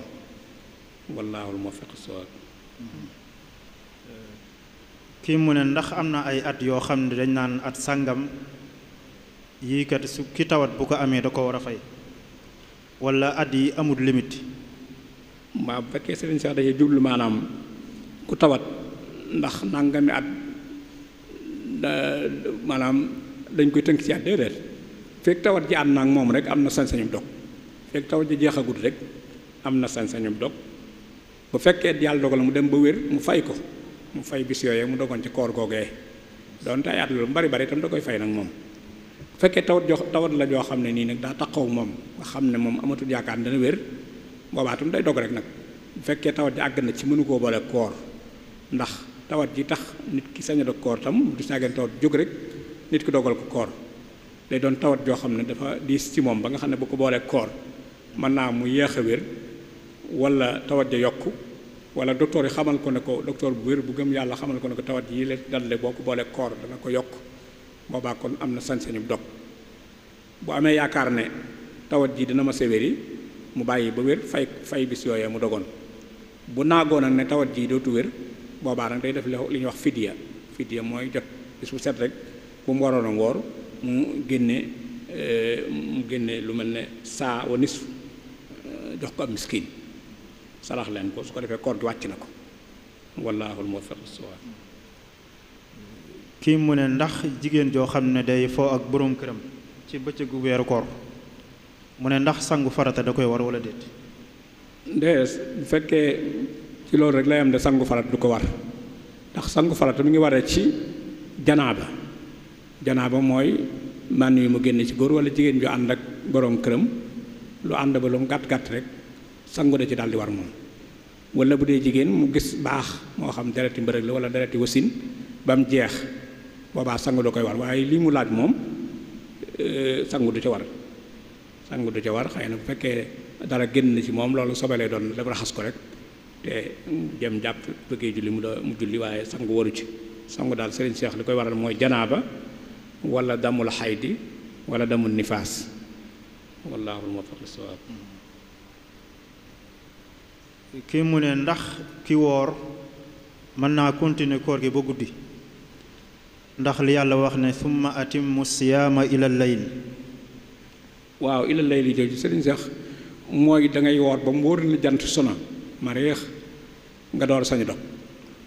wallaahul muwaffiq sawaab kii mu ne ndax am na ay at yoo xam ne dañ naan at sàngam yii kat su ki tawat bu ko amee da ko war a fay walla at yi amul limite waaw bu fekkee sëriñ sax dañuy jublu maanaam ku tawat ndax nangami at maanaam dañ koy tënk ci at déedéet fekk tawat ji ànd naag moom rek am na sañ-sañum dog fekk tawat ji jeexagut rek am na sañ-sañum dog bu fekkee yàlla la mu dem ba wér mu fay ko mu fay bis yooyee mu dogoon ci koor googee donte ay at lu bari bari itam da koy fay nag moom fekkee tawat jo tawat la joo xam ne nii nag daa taxaw moom nga xam ne moom amatul yaakaar dana wér boobaatum day dog rek nag bu fekkee tawat ji àgg na ci mënu koo boole koor ndax tawat ji tax nit ki sañ a dog tam du saageen tawat jóg rek nit ki dogal ko koor day doon tawat joo xam ne dafa diis ci moom ba nga xam ne bu ko boolee koor mën naa mu yéex a wér wala tawat ja yokk wala docteur yi xamal ko ne ko docteur bu wér bu gëm yàlla xamal ko ne ko tawat yi la dalle boo ko boolee koor dana ko yokk boobaa kon am na sañ-sañu dog bu amee yaakaar ne tawat ji dina ma séwéri mu bàyyi ba wér fay fay bis yooyee mu dogoon bu naagoon ak ne tawat ji dootu wér boobaa nag day def li ñuy wax fidiya fidiya mooy jot bis bu set rek bu mu waroon a woor mu génne eh, mu génne lu mel ne saa wa nisf eh, jox ko am miskin sarax leen ko su ko defee koor gi wàcc na ko wallaahu al muwaffiq as-sawaab kii mu ne ndax jigéen joo xam ne day foo ak boroom këram ci bëccëgu weeru koor mu ne ndax sangu farata da koy war walla déet ndees bu fekkee ci loolu rek lay am de sangu farata du ko war ndax sangu farata mu ngi waree ci janaa ba janaa ba mooy man yu mu génne ci góor wala jigéen ju ànd ak boroom këram lu ànd ba lu mu gàtt gàtt rek sangu da ci daal di war moom wala bu dee jigéen mu gis baax moo xam dereti mbërëg la wala dereti wasin ba mu jeex boobaa sangu da koy war waaye lii mu laaj moom euh, sangu du ca war sangu du ca war xëy na bu fekkee dara génn na ci moom loolu sobelee doon raxas ko rek te jëm jàpp bëggee julli mu da mu julli waaye sangu waru ci sangu daal sëriñ Cheikh li koy waral mooy janaaba wala damul xaydi wala damul nifaas wallaahu muwaffiq lis-sawaab mu ne ndax ki woor mën naa continuer koor gi ba guddi ndax li yàlla wax ne summa atimmu siyaama ila layl waaw ila layl jooju sëriñ sax mooy da ngay woor ba mu wóor ni jant sona ma réex nga door sañu dog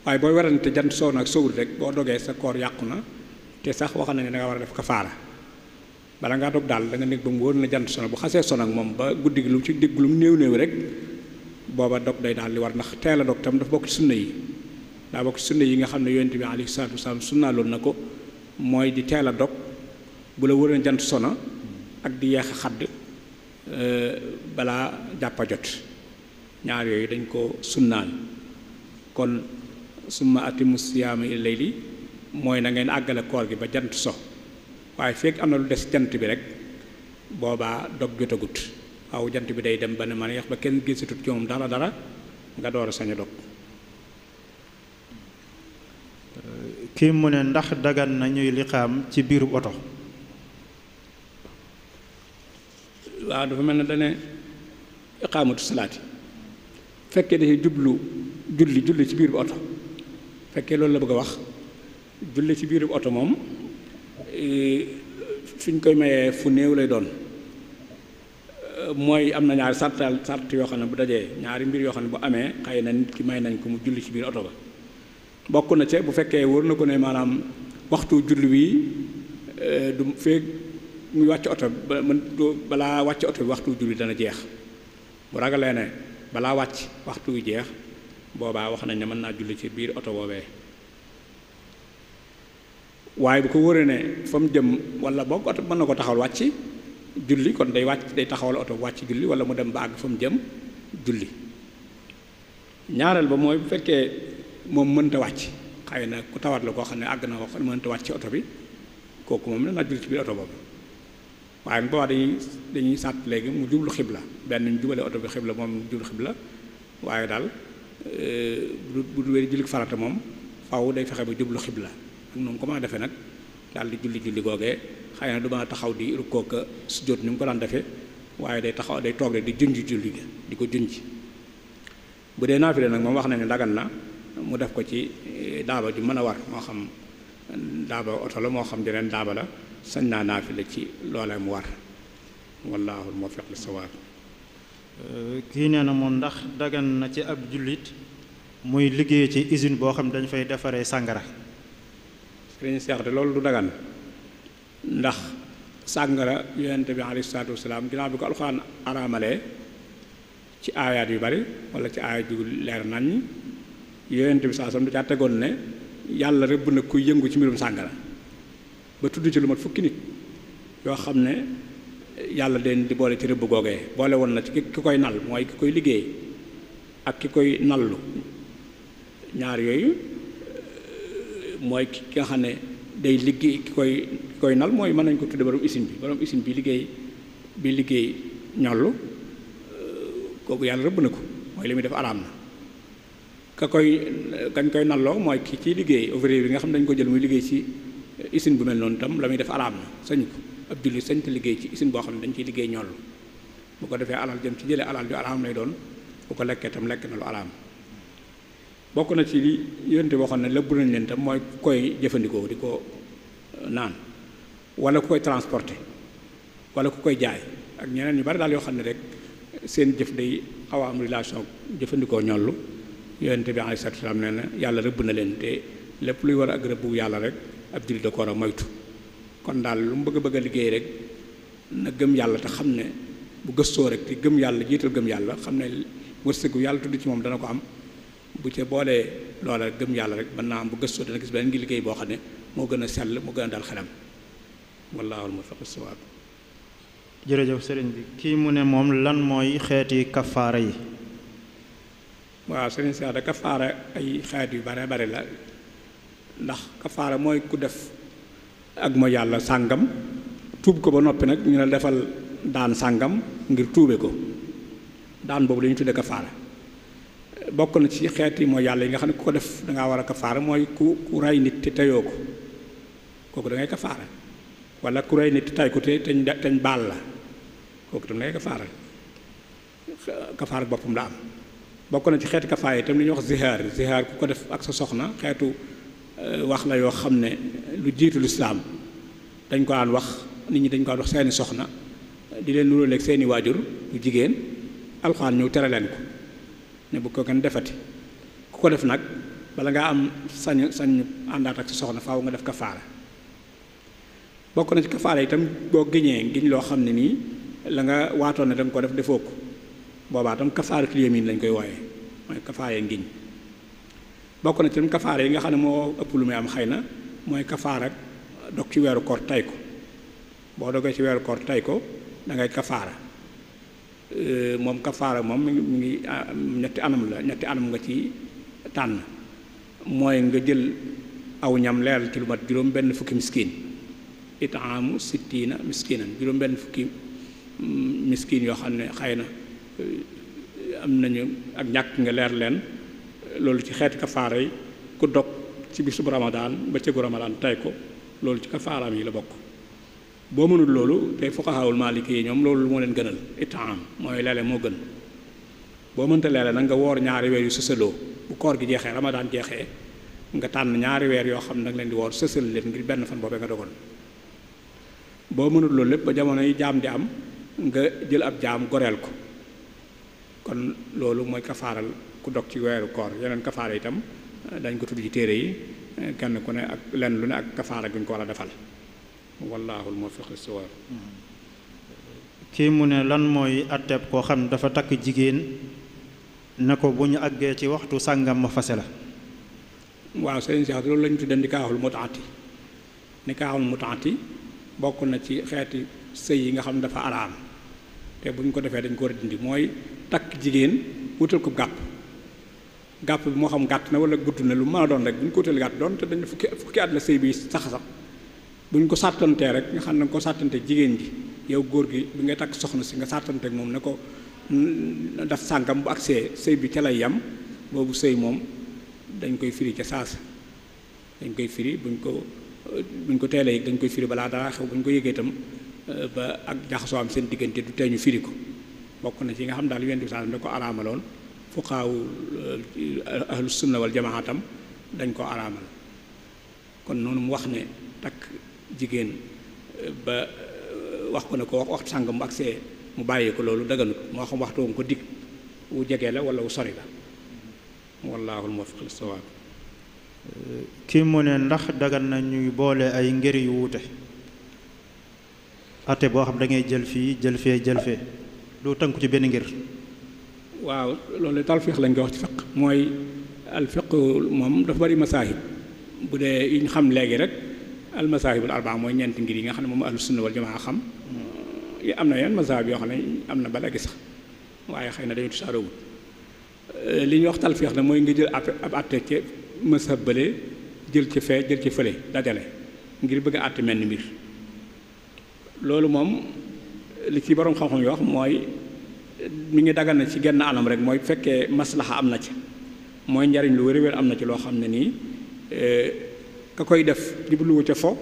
waaye booy werante jant soo nag sowul rek boo dogee sa koor yàqu na te sax wax na ne da nga war a def kafaara bala ngaa dog daal da nga nekk ba mu wóor na jant sona bu xasee sona ak moom ba guddi lu ci dégg lu mu néew néew rek booba dog day daal di war ndax teel a dog tam dafa bokk ci sunna yi daa bokk sunna yi nga xam ne yonent bi alayhi salaatu wasalaam sunnaa loolu na ko mooy di teel dog bu la wëroon jant sona ak di yeex a xadd euh, balaa jàppa jot ñaar yooyu dañ ko sunnaal kon summa atimu siyaama ila layli mooy na ngeen àggale koor gi ba jant so waaye fekk am na lu des jant bi rek boobaa dog jotagut aw jant bi day dem ba ne man yax ba kenn gisatut ci moom dara dara nga doora a dog kii mu ne ndax dagan na ñuy liqaam ci biiru oto waaw dafa mel ne dane iqaamatu salaati fekkee dafay jublu julli julli ci biir oto fekkee loolu la bëgg a wax julli ci biir oto moom suñ e, koy mayee fu néew lay doon e, mooy am na ñaari sartal sart yoo xam ne bu dajee ñaari mbir yoo xam ne bu amee xay na nit ki may nañ ko mu julli ci biir oto ba bokk na ca bu fekkee wóor na ko ne maanaam waxtu julli wi euh, du feeg muy wàcc oto ba mën balaa wàcc oto bi waxtu julli dana jeex bu ragalee ne balaa wàcc waxtu wu jeex boobaa wax nañ ne mën naa julli ci biir oto boobee waaye bu ko wëree ne fa jëm wala boog oto mën na ko taxawal wàcc julli kon day wàcc day taxawal oto wàcc julli wala mu dem ba àgg fa jëm julli ñaareel ba mooy fekkee moom mënta wàcc xëy na ku tawaat la koo xam ne àgg na wax mënta wàcc ci oto bi kooku moom na jul ci biir oto boobu waaye bu boobaa dañuy dañuy sant léegi mu jublu xibla benn ñu oto bi xibla moom mu jublu xibla waaye daal eh, bu bu du wéri moom faaw fexe ba jublu xibla ak noonu ko mën a nag daal di julli julli googee xëy na du mën taxaw di rukkoo ka sujjóot ni mu ko daan defee waaye day taxaw day toog di junj julli di ko junj bu dee naa naafile nag moom wax na ne dagan na mu def ko ci eh, daaba ju mën a war moo xam daaba oto la moo xam jeneen daaba la sañ naa la ci loola mu war wallaahu muwaffiq li sawaab euh, kii nee na moom ndax dagan na ci ab jullit muy liggéey ci usine boo xam dañ fay defaree sàngara sëriñ Seex de loolu du dagan ndax sàngara yonent bi alayhi salaatu wasalaam ginnaaw bi ko alxuraan araamalee ci aayaat yu bari wala ci aayaat yu leer nañ yonent bi saa sam da caa tegoon ne yàlla rëbb na kuy yëngu ci mbirum sàngara ba tudd ci lu mat fukki nit yoo xam ne yàlla de di boole ci rëbb googee boole woon na ci ki koy nal mooy ki koy liggéey ak ki koy nallu ñaar yooyu euh, mooy ki nga xam ne day liggéey ki koy koy nal mooy mën nañ ko tudde borom usine bi borom usine bi liggéey bi liggéey ñollu euh, kooku yàlla rëbb na ko mooy li muy def araam na ka koy kañ koy nalloo mooy kii ci liggéey ouvrier bi nga xam ne dañ ko jël muy liggéey ci usine bu mel noonu itam la muy def alaam na sañu ko ab julli sañ te liggéey ci usine boo xam ne dañ ci liggéey ñoll bu ko defee alal jëm ci jëlee alal ju alaam lay doon bu ko lekkee tam lekk na lu alaam bokk na ci li yoonte yonte waxoon ne lépp nañ leen tam mooy ku koy jëfandikoo di ko euh, naan wala ku koy transporter wala ku koy jaay ak ñeneen yu bari daal yoo xam ne rek seen jëf day xaw a jëfandikoo ñollu yonente bi alayhi salaatu salaam na yàlla rëbb na leen te lépp luy war a ak rëbbu yàlla rek ab jullit da a moytu kon daal lu mu bëgg a bëgg a liggéey rek na gëm yàlla te xam ne bu gëstoo rek te gëm yàlla jiital gëm yàlla xam ne wërsëgu yàlla tudd ci moom dana ko am bu ca boolee loola gëm yàlla rek mën naa am bu gëstoo dana gis beneen ngi liggéey boo xam ne moo gën a sell moo gën a dal xelam wallaahu al-muwaffiq sawaab jërëjëf sëriñ bi kii mu ne lan mooy xeeti kafaara yi waaw sëriñ Cheikh da kafaara ay xaat yu bare bare la ndax kafaara mooy ku def ak mooy yàlla sàngam tuub ko ba noppi nag ñu ne defal daan sàngam ngir tuube ko daan boobu dañu tudde kafaara bokk na ci yi mooy yàlla yi nga xam ne ku ko def dangaa war a kafaara mooy ku ku rey nit te teyoo ko kooku dangay ngay walla wala ku rey nit te tay ko te teñ teñ baal la kooku tam da ngay kafaara boppam la am bokk na ci xeetu kafaay tam li ñu wax zihaar zihaar ku ko def ak sa soxna xeetu euh, wax la yoo xam ne lu jiitu lislaam dañ ko daan wax nit ñi dañ ko daan wax seeni soxna di leen nuróoleeg seeni waajur bu jigéen alxaan ñëw tere leen ko ne bu ko kenn defati ku ko def nag bala ngaa am sañ sañ àndaat ak sa soxna faw nga def kafaara bokk na ci kafaara itam boo giñee giñ loo xam ne nii la nga waatoon ne danga ko def defoo ko boobaa tam kafaaratul yamin lañ koy wooyee mooy kafaaree na ci tam yi nga xam ne moo ëpp lu may am xëy na mooy kafaar ak dog ci weeru koor tay ko boo dogee ci weeru koor tay ko da ngay kafaara euh, moom kafaara moom mi ngi ah, ñetti anam la ñetti anam nga ci tànn mooy nga jël aw ñam leeral ci lu mat juróom benn fukki miskin itaamu sittiina miskinan juróom benn fukki mm, miskin yoo xam ne xëy na am nañu ak ñàkk nga leer leen loolu ci xeeti kafaara yi ku dog ci bisub ramadaan ba cëgu ramadaan tey ko loolu ci kafaaraam yi la bokk boo mënul loolu te fuqahaawul maaliki yi ñoom loolu moo leen gënal itaam mooy leele moo gën boo mënta leere nag nga woor ñaari weer yu sësaloo bu koor gi jeexee ramadaan jeexee nga tànn ñaari weer yoo xam ne nag leen di woor sësal leen ngir benn fan boobee nga dogal boo mënul loolu lépp ba jamono yi jaam di am nga jël ab jaam goreel ko kon loolu mooy kafaaral ku dog ci weeru koor yeneen kafaara itam eh, dañ ko tudd ci téere yi eh, kenn ku ne ak lenn lu ne ak kafaara guñ ko war a defal wallaahul muwaffiq lis-sawaab kii mu ne lan mooy àtteeb koo xam dafa takk jigéen na ko bu ñu àggee ci waxtu sàngam ma fase la waaw sëriñ Cheikh loolu la ñu tuddee nikaaxul mutaati nikaaxul mutaati bokk na ci xeeti sëy yi nga xam ne dafa alaam te bu ñu ko defee dañ ko war a dindi mooy takk jigéen wutal ko gàpp gàpp bi moo xam gàtt na wala gudd na lu mën a doon rek bu ñu ko wutal gàtt doon te dañu fukki fukki at la sëy bi sax bu ñu ko sàttantee rek nga xam ne nga ko sàttante jigéen ji yow góor gi bi nga takk soxna si nga sàttante moom ne ko daf sàngam bu agsee sëy ca lay yam boobu sëy moom dañ koy firi ca saasa dañ koy firi buñ ko buñ ko teelee dañ koy firi balaa dara xew buñ ko yëgee itam ba ak jaxasoo am seen diggante du tee ñu firi ko bokk na ci nga xam daal yonent bi sallallahu ne ko araamaloon fuqaawu eh, ahlu sunna wal jamaa tam dañ koo araamal kon noonu mu wax ne takk jigéen eh, ba eh, wax ko ne ko wax waxtu sàngam mu agsee mu bàyyi ko loolu daganut moo xam waxtu ko dig wu jege la wala wu sori la wallaahu al-muwaffiq lis-sawaab kii mu ne ndax dagan na ñuy boole ay ngir yu wuute ate boo xam dangay jël fii jël fee jël fee doo tënku ci benn ngir waaw loolu talfiix lañ koy wax ci fiq mooy al moom dafa bari masaahib bu dee yi xam léegi rek al masaahibul arbaa mooy ñeenti ngir yi nga xam ne moom ahlu sunna wal jamaa xam am na yenn masaahib yoo xam ne am na ba léegi waaye xëy na dañu tusaaroowul euh, li ñuy wax talfiix na mooy nga jël ab àtte ci bële jël ci fee jël ci fële dajale ngir bëgg a àtte mel ni mbir loolu moom li ci borom xam-xam yi wax mooy mu ngi dagal na ci genn anam rek mooy fekkee maslaxa am na ci mooy njariñ lu wér-wér am na ci loo xam ne nii eh, ka koy def jubluwu ca fo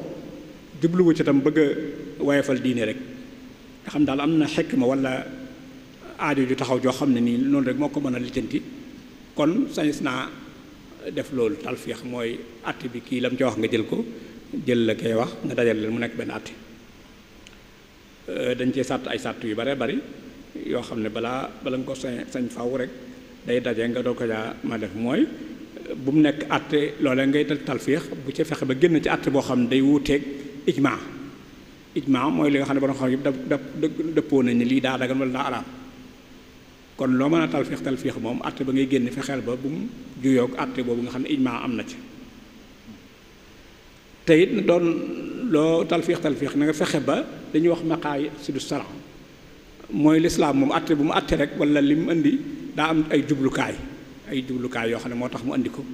jubluwu ca tam bëgg a diine rek nga xam daal am na xekk xikma wala aajo ju taxaw joo xam ne nii loolu rek moo ko mën a lijjanti kon sañis naa def loolu talfiix mooy att bi kii lam ca wax nga jël ko jël la koy wax nga dajal leen mu nekk benn att Euh, dañ cee sàtt ay sàtt yu bare bari yoo xam ne balaa bala nga ko sañ sañ faw rek day daje nga doo ko jaa ma def mooy euh, bu mu nekk àtte loolee ngay talfiix bu ca fexe ba génn ci àtte boo xam ne day wuuteeg ijma ijma mooy li nga xam ne borom xam yëpp da dëppoo nañ ne lii daa dagan wala daa araam kon loo mën a talfiix talfiix moom àtte ba ngay génn fexeel ba bu mu juyoog àtte boobu nga xam ne ijma am na ci te it doon loo talfiix talfiix na nga fexe ba dañuy wax maqaay si du saran mooy lislaam moom atte bu mu atte rek wala li mu indi daa am ay jublukaay ay jublukaay yoo xam ne moo tax mu indi ko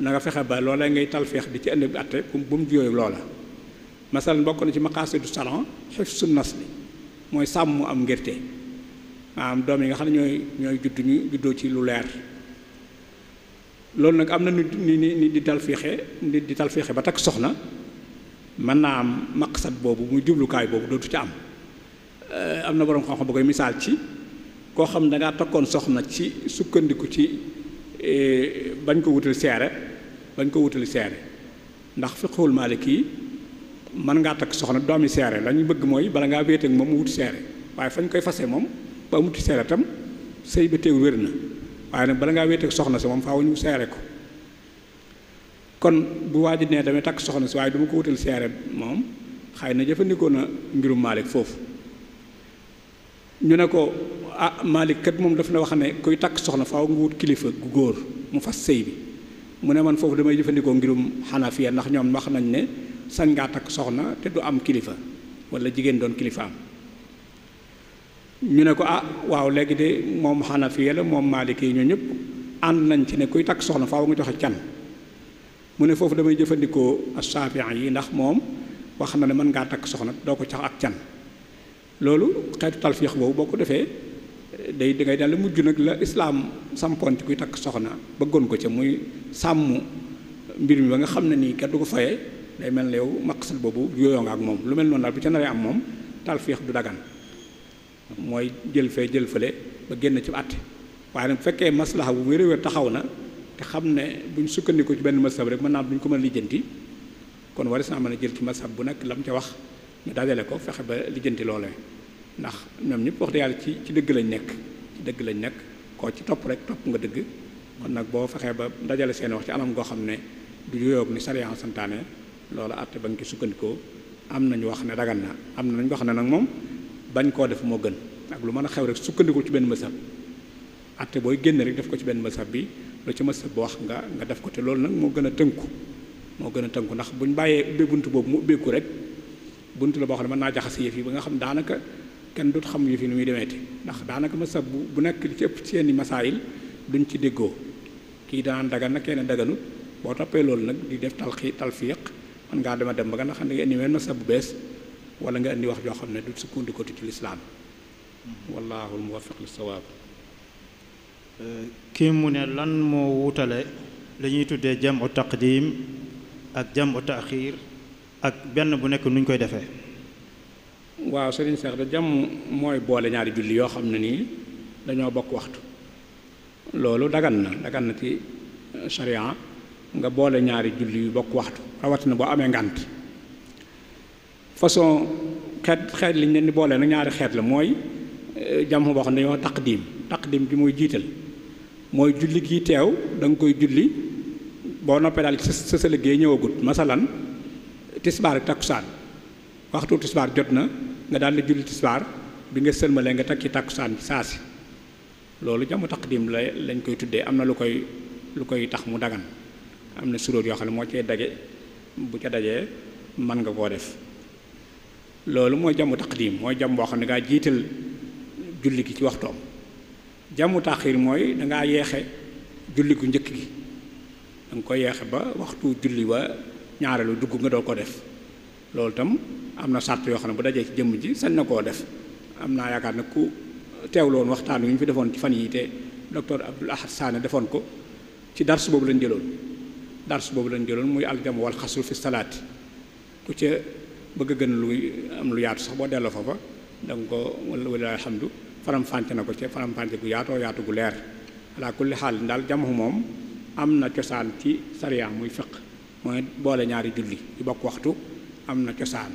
na nga fexe ba loola ngay tal talfeex di ci indi bi atte bu mu jiyooyu loola masalan bokk na ci maqaay du saran xef su nas mooy sàmm mu am ngirte maanaam doom yi nga xam ne ñooy ñooy judd ñu juddoo ci lu leer loolu nag am na nit ni ni di talfeexe nit di talfeexe ba takk soxna mën naa am maqsad boobu muy jublukaay boobu dootu ci am euh, am na borom xam-xam bu koy misaal ci koo xam da ngaa takkoon soxna ci sukkandiku ci euh, bañ ko wutal seere bañ ko wutal seere ndax fiqhul maliki mën ngaa takk soxna doomi seere la ñu bëgg mooy bala ngaa wéete ak moom mu wut seere waaye fañ koy fase moom ba mu wuti seere tam sëy ba teew wér na waaye bala ngaa wéete soxna si moom faaw ñu seere ko. kon bu waa ji nee damay takk soxna si waaye du ma ko wutal seere moom xëy na jëfandikoo na mbirum Malick foofu ñu ne ko ah Malick moom daf na wax ne kuy takk soxna faaw nga kilifa gu góor mu fas sëy mu ne man foofu damay jëfandikoo ngirum xanafiya ndax ñoom wax nañ ne sañ ngaa takk soxna te du am kilifa wala jigéen doon kilifa ñu ne ko ah waaw léegi de moom xanafiya la moom Malick yi ñoo ñëpp ànd nañ ci ne kuy takk soxna faaw nga joxe can mu ne foofu damay jëfandikoo asaafiyan yi ndax moom wax na ne mën ngaa takk soxna doo ko cax ak can loolu xeetu talfiix boobu boo ko defee day dangay dal mujj nag la islaam sampoon ci kuy takk soxna bëggoon ko ca muy sàmm mbir mi ba nga xam ne nii kenn du ko fayee day mel ne yow maqsad boobu yooyoo nga ak moom lu mel noonu daal bu ca naree am moom talfiix du dagan mooy jël fee jël fële ba génn ci àtte waaye nag fekkee maslaha bu wér-wér taxaw na xam ne buñ sukkandiku ci benn masab rek mën naa duñ ko mën lijjanti kon waris naa mën a jël ci masab bu nekk lam ca wax ñu dajale ko fexe ba lijjanti loole ndax ñoom ñëpp wax dëgg yàlla ci ci dëgg lañ nekk ci dëgg lañ nekk koo ci topp rek topp nga dëgg kon nag boo fexee ba dajale seen wax ci anam goo xam ne du yooyoog ni sariyaan santaane loolu àtte ba nga ci sukkandikoo am nañu wax ne dagan na am na nañu wax ne nag moom bañ koo def moo gën ak lu mën a xew rek sukkandiku ci benn masab àtte booy génn rek def ko ci benn masab bi lu ci mës ba wax nga nga def ko te loolu nag moo gën a tënku moo gën a tënku ndax buñ bàyyee ubbee bunt boobu mu ubbeeku rek bunt la boo xam ne mën naa jaxase yëf yi ba nga xam daanaka kenn dut xam yëf yi nu muy demeeti ndax daanaka masab bu bu nekk li ci ëpp seeni masaayil duñ ci déggoo kii danaan dagan na kenn daganut boo toppee loolu nag di def talxi talfiq mën ngaa dema dem ba nga xam ne nga indi meen masab bu bees wala nga indi wax joo xam ne du sukkandikootu ci lislaam wallaahu al muwaffiq lis sawaab kii mu ne lan moo wutale li tuddee tuddee jamu taqdim ak jamu taaxiir ak benn bu nekk nuñ koy defee waaw sëriñ Seex da jam mooy boole ñaari julli yoo xam ne nii dañoo bokk waxtu loolu dagan na dagan na ci sharia nga boole ñaari julli yu bokk waxtu rawatina boo amee ngànt façon xeet xeet liñ leen di boole na ñaari xeet la mooy jàmm boo xam ne dañoo taqdim taqdim bi mooy jiital mooy julli gii teew danga koy julli boo noppee dal ci sa sa liggéey ñëwagut masalan tisbaar ak takkusaan waxtu tisbaar jot na nga daal di julli tisbaar bi nga sëlmalee nga takki takkusaan saa si loolu jàmm taqdim la lañ koy tuddee am na lu koy lu koy tax mu dagan am na suróor yoo xam ne moo cay daje bu ca dajee man nga koo def loolu mooy jàmm taqdim mooy jàmm boo xam ne ngaa jiital julli gi ci waxtoom jàmmu taaxir mooy dangaa ngaa yeexe julli ku njëkk gi da ko yeexe ba waxtu julli wa ñaareelu dugg nga doo ko def loolu tam am na sàrt yoo xam ne bu dajee ci jëmm ji sañ na koo def am naa yaakaar nag ku teewloon waxtaan wi ñu fi defoon ci fan yii te docteur Abdoul Ahad Sané defoon ko ci dars boobu lañ jëloon dars boobu lañ jëloon muy aljam wal xasul fi salaat ku ca bëgg gën luy am lu yaatu sax boo delloo fa ba da nga ko wala wala faram-fànce na ko ci faram-fànce gu yaatoo yaatu gu leer ala kulli xaal daal jamaxu moom am na cosaan ci sariya muy fiq mooy boole ñaari julli yu bokk waxtu am na cosaan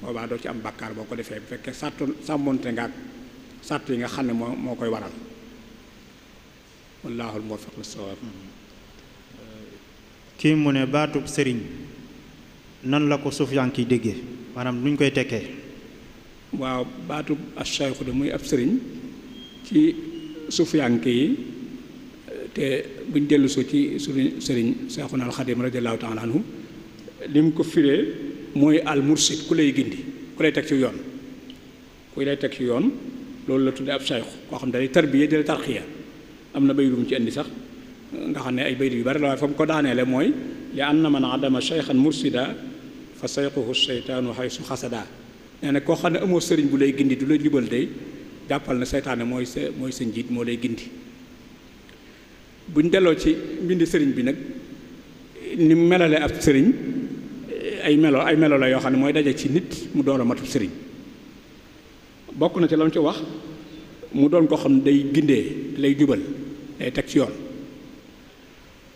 boobaa doo ci am bàkkaar boo ko defee bu fekkee sàttu sàmmonte nga ak sàtt yi nga xam ne moo moo koy waral wallaahul muwaffiq li sawaab kii mu ne baatub sëriñ nan la ko sufiyank ki déggee maanaam nuñ koy tekkee waaw baatub acheikhu da muy ab sëriñ ci sufiyanke yi te buñ dellu soo ci suñu sëriñ Seexuna Alxadim radiallahu taala anhu li mu ko firee mooy al mursid ku lay gindi ku lay teg ci yoon ku lay teg ci yoon loolu la tudde ab cheikhu koo xam ne day tarbiya day tarxiya am na bay dum ci indi sax nga xam ne ay baydi yu bari la waaye fa mu ko daaneele mooy li anna man adama cheikhan mursida fa sayquhu cheytaanu xaysu xasada nee koo xam ne amoo sëriñ bu lay gindi du la jubal day jàppal na seytaane mooy sa mooy sa njiit moo lay gindi buñ delloo ci mbindi sëriñ bi nag ni mu melale ab sëriñ ay melo ay melo la yoo xam ne mooy daje ci nit mu door a matub sëriñ bokk na ci la mu ci wax mu doon koo xam ne day gindee lay jubal teg ci yoon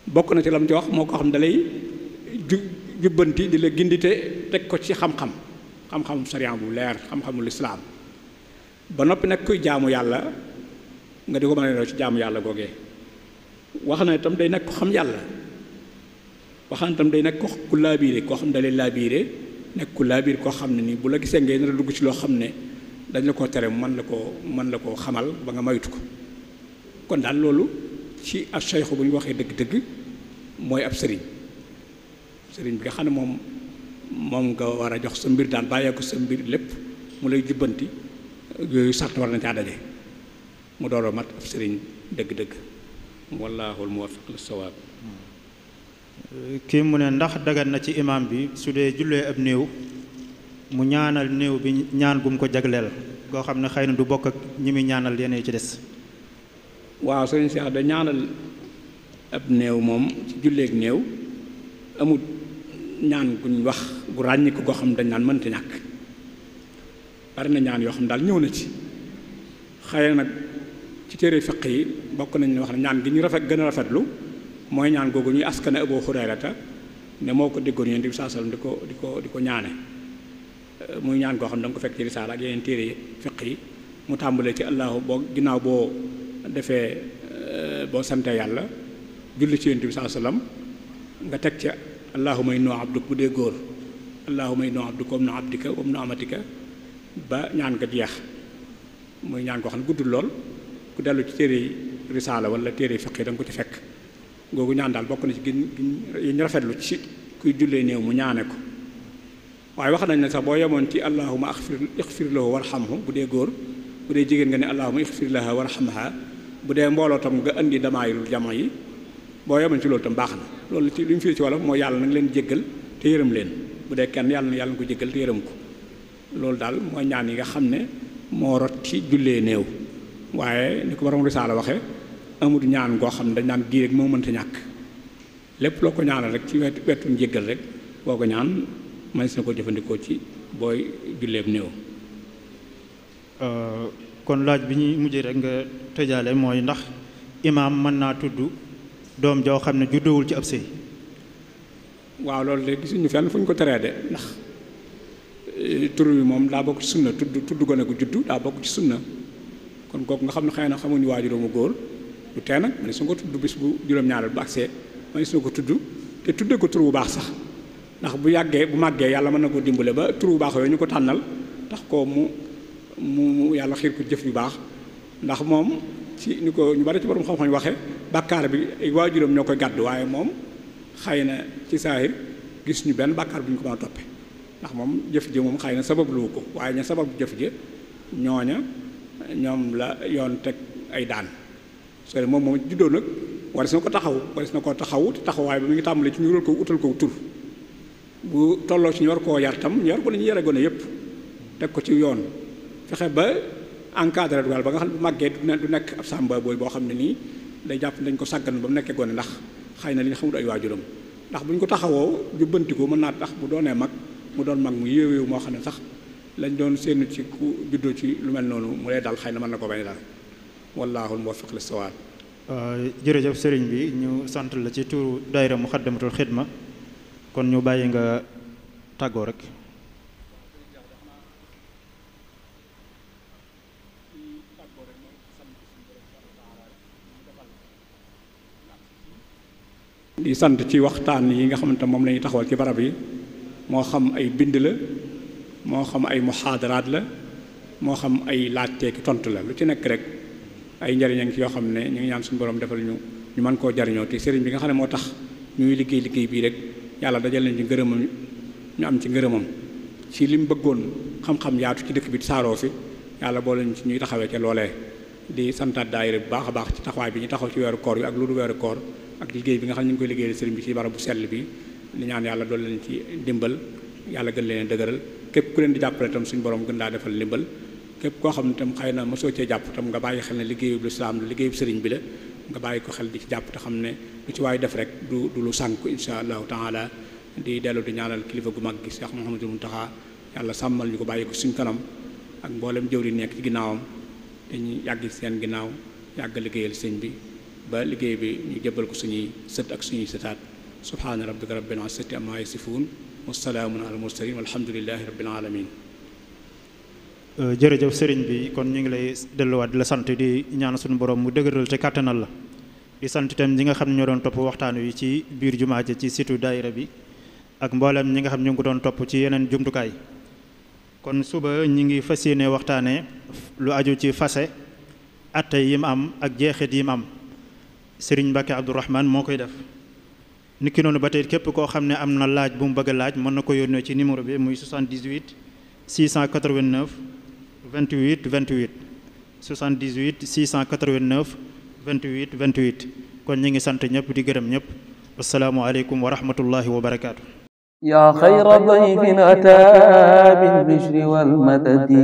bokk na ci la ci wax moo ko xam ne dalay ju jubbanti di la gindi te teg ko ci xam-xam xam-xamum sariya bu leer xam xamul lislaam ba noppi nag kuy jaamu yàlla nga di ko mën a ci jaamu yàlla googee wax na itam day nekk ko xam yàlla wax na itam day nekk ko ku laabiire koo xam ne dalee koo xam ne nii bu la gisee ngay nar a dugg ci loo xam ne dañ la koo tere mën la koo mën la koo xamal ba nga maytu ko kon daal loolu ci ab sayxu bu ñu waxee dëgg-dëgg mooy ab sëriñ sëriñ bi nga xam ne moom moom nga war a jox sa mbir daal bàyyee sa mbir lépp mu lay jubbanti yooyu sart war na caa mu door a mat ab sëriñ dëgg-dëgg wallaahul mu ne ndax dagan na ci imaam bi su dee jullee ab néew mu ñaanal néew bi ñaan gum ko jagleel goo xam ne xëy na du bokk ak ñi muy ñaanal yeneen ci des waaw sëriñ Cheikh da ñaanal ab néew moom ci julleeg néew amut ñaan guñ wax gu ràññiku goo xam dañ naan mënta ñàkk bari na ñaan yoo xam daal ñëw na ci xëy nag ci téere fiq yi bokk nañ wax ne ñaan gi ñu rafet gën a rafetlu mooy ñaan googu ñuy askane Abu Hurayrata ne moo ko déggoon yéen di saa sallam di ko di ko di ko ñaane euh, muy ñaan goo xam da nga ko fekk ci risaala ak yeneen téere fiq yi mu tàmbalee ci allahu boo ginnaaw boo defee euh, boo sante yàlla julli ci yonent bi saa nga teg ca allahuma innu abduk bu dee góor allahuma innu abduka wam nu abdika wam nu amatika ba ñaan nga jeex muy ñaan koo xam ne guddul lool ku dellu ci téere risaala wala téere fiq yi da ko ci fekk googu ñaan daal bokk na ci gin yi ñu ci kuy jullee néew mu ñaane ko waaye wax nañ ne sax boo yemoon ci allahuma axfir ixfir lahu warxamhu bu dee góor bu dee jigéen nga ne allahuma ixfir laha warxamha bu dee mbooloo tam nga indi damaayul jama yi boo yemoon ci loolu tam na loolu ci li ñu fii ci wolof mooy yàlla na leen jéggal te yërëm leen bu dee kenn yàlla na yàlla na ko jéggal te yërëm ko loolu daal mooy ñaan yi nga xam ne moo rot ci jullee néew waaye ni ko borom saala waxee amut ñaan goo xam ne dañ naan gii rek moo te ñàkk lépp loo ko ñaanal rek ci wetu wetu njéggal rek boo ko ñaan mën na ko jëfandikoo ci booy julleeb néew. Euh, kon laaj bi ñuy mujjee rek nga tëjaale mooy ndax imaam mën naa tudd. doom joo xam ne juddoowul ci ab sëy waaw loolu de gisuñu fenn fu ñu ko teree de ndax eh, tur bi moom daa bokk ci sunna tudd tudd gone ko juddu daa bokk ci sunna kon kooku nga xam ne xëy na xamuñu waajuróomu góor lu tee nag ma ne ko tudd bis bu juróom-ñaareel bu agsee ma ne su ko tudd te tuddee ko tur bu baax sax ndax bu yàggee bu màggee yàlla mën na koo dimbale ba tur bu baax yooyu ñu ko tànnal tax ko mu mu yàlla xiir ko jëf yu baax ndax moom ci ni ko ñu bari ci borom xam-xam waxe bàkkaar bi ay waajuram ñoo koy gàdd waaye moom xay na ci saahir gis ñu benn bàkkaar bi ñu ko mën a toppe ndax moom jëf ji moom xay na sabab lu ko waaye ña sabab jëf ji ñooña ñoom la yoon teg ay daan so moom moom juddoo nag waris na ko taxaw waris na ko taxaw te taxawaay bi mu ngi tàmbalee ci ñu utal ko utal ko tur bu tolloo ci ñu war koo yar tam ñu war ko ni yare gone yëpp teg ko ci yoon fexe ba encadré dugal ba nga xam ne bu màggee du nekk ab sàmba booy boo xam ne nii day jàpp dañ ko sàggan ba mu nekkee gone ndax xëy na li ñu xamul ay waajuram ndax bu ñu ko taxawoo jubbantiku mën naa tax bu doonee mag mu doon mag mu yéew moo xam ne sax lañ doon séenu ci ku juddoo ci lu mel noonu mu lay dal xëy na mën na ko bañ dal wallaahul muwaffiq li sawaab euh, jërëjëf sëriñ bi ñu sant la ci turu daayira Muxaddamatul Xidma kon ñu bàyyi nga tàggoo rek di sant ci waxtaan yi nga xamante moom la ñuy taxawal ci barab yi moo xam ay bind la moo xam ay muxaadaraat la moo xam ay laajteeki tontu la lu ci nekk rek ay njariñ ci yoo xam ne ñu ngi ñaan suñu borom defal ñu ñu mën koo jariñoo te sëriñ bi nga xam ne moo tax ñuy liggéey liggéey bii rek yàlla dajal nañ ci ngërëmam ñu am ci ngërëmam ci li mu bëggoon xam-xam yaatu ci dëkk bi saaroo fi yàlla boo lañ ci ñuy taxawee ca loolee di santaat daayira bu baax a baax ci taxawaay bi ñu taxaw ci weeru koor yi ak lu ak liggéey bi nga xam ne ñu ngi koy liggéeyal sëriñ bi ci barabu sell bi li ñaan yàlla dool leen ci dimbal yàlla gën leen dëgëral képp ku leen di jàppale tam suñu borom gën laa defal ndimbal képp koo xam ne tam xay na mosoo cee jàpp tam nga bàyyi xel ne liggéeyub lislaam la liggéeyub sëriñ bi la nga bàyyi ko xel di ci jàpp te xam ne lu ci waay def rek du du lu sànk insha allahu taala di dellu di ñaanal kilifa gu mag xam Cheikh Mouhamadou Mountakha yàlla sàmmal ñu ko bàyyi ko suñ kanam ak mboolem jëwri nekk ci ginnaawam dañuy yàgg seen ginnaaw yàgg liggéeyal sëñ bi ba liggéey bi ñu jëbal ko suñuy sët ak suñuy sëtaat subhaana rabbika rabbil izzati ammaa yasifuun wa salaamun alal mursaliin walhamdulillaahi rabbil jërëjëf sëriñ bi kon ñu ngi lay delluwaat di la sant di ñaan suñu borom mu dëgëral te kàttanal la di sant itam ñi nga xam ñoo doon topp waxtaan wi ci biir jumaa ji ci situ daayira bi ak mboolem ñi nga xam ñu ngi ko doon topp ci yeneen jumtukaay kon suba ñi ngi fas yéene waxtaanee lu aju ci fase atte yim am ak jeexit yim am sëriñ Mbacke Abdourahman moo koy def nit ki noonu ba tey képp koo xam ne am na laaj bu mu bëgg laaj mën na ko yónnee ci numéro bi muy 78 689 28 28 78 689 28 28 kon ñu ngi sant ñëpp di gërëm ñëpp asalaamualeykum wa rahmatullahi wa barakaatu. yaa xayra dayfin ataa bil wal madadi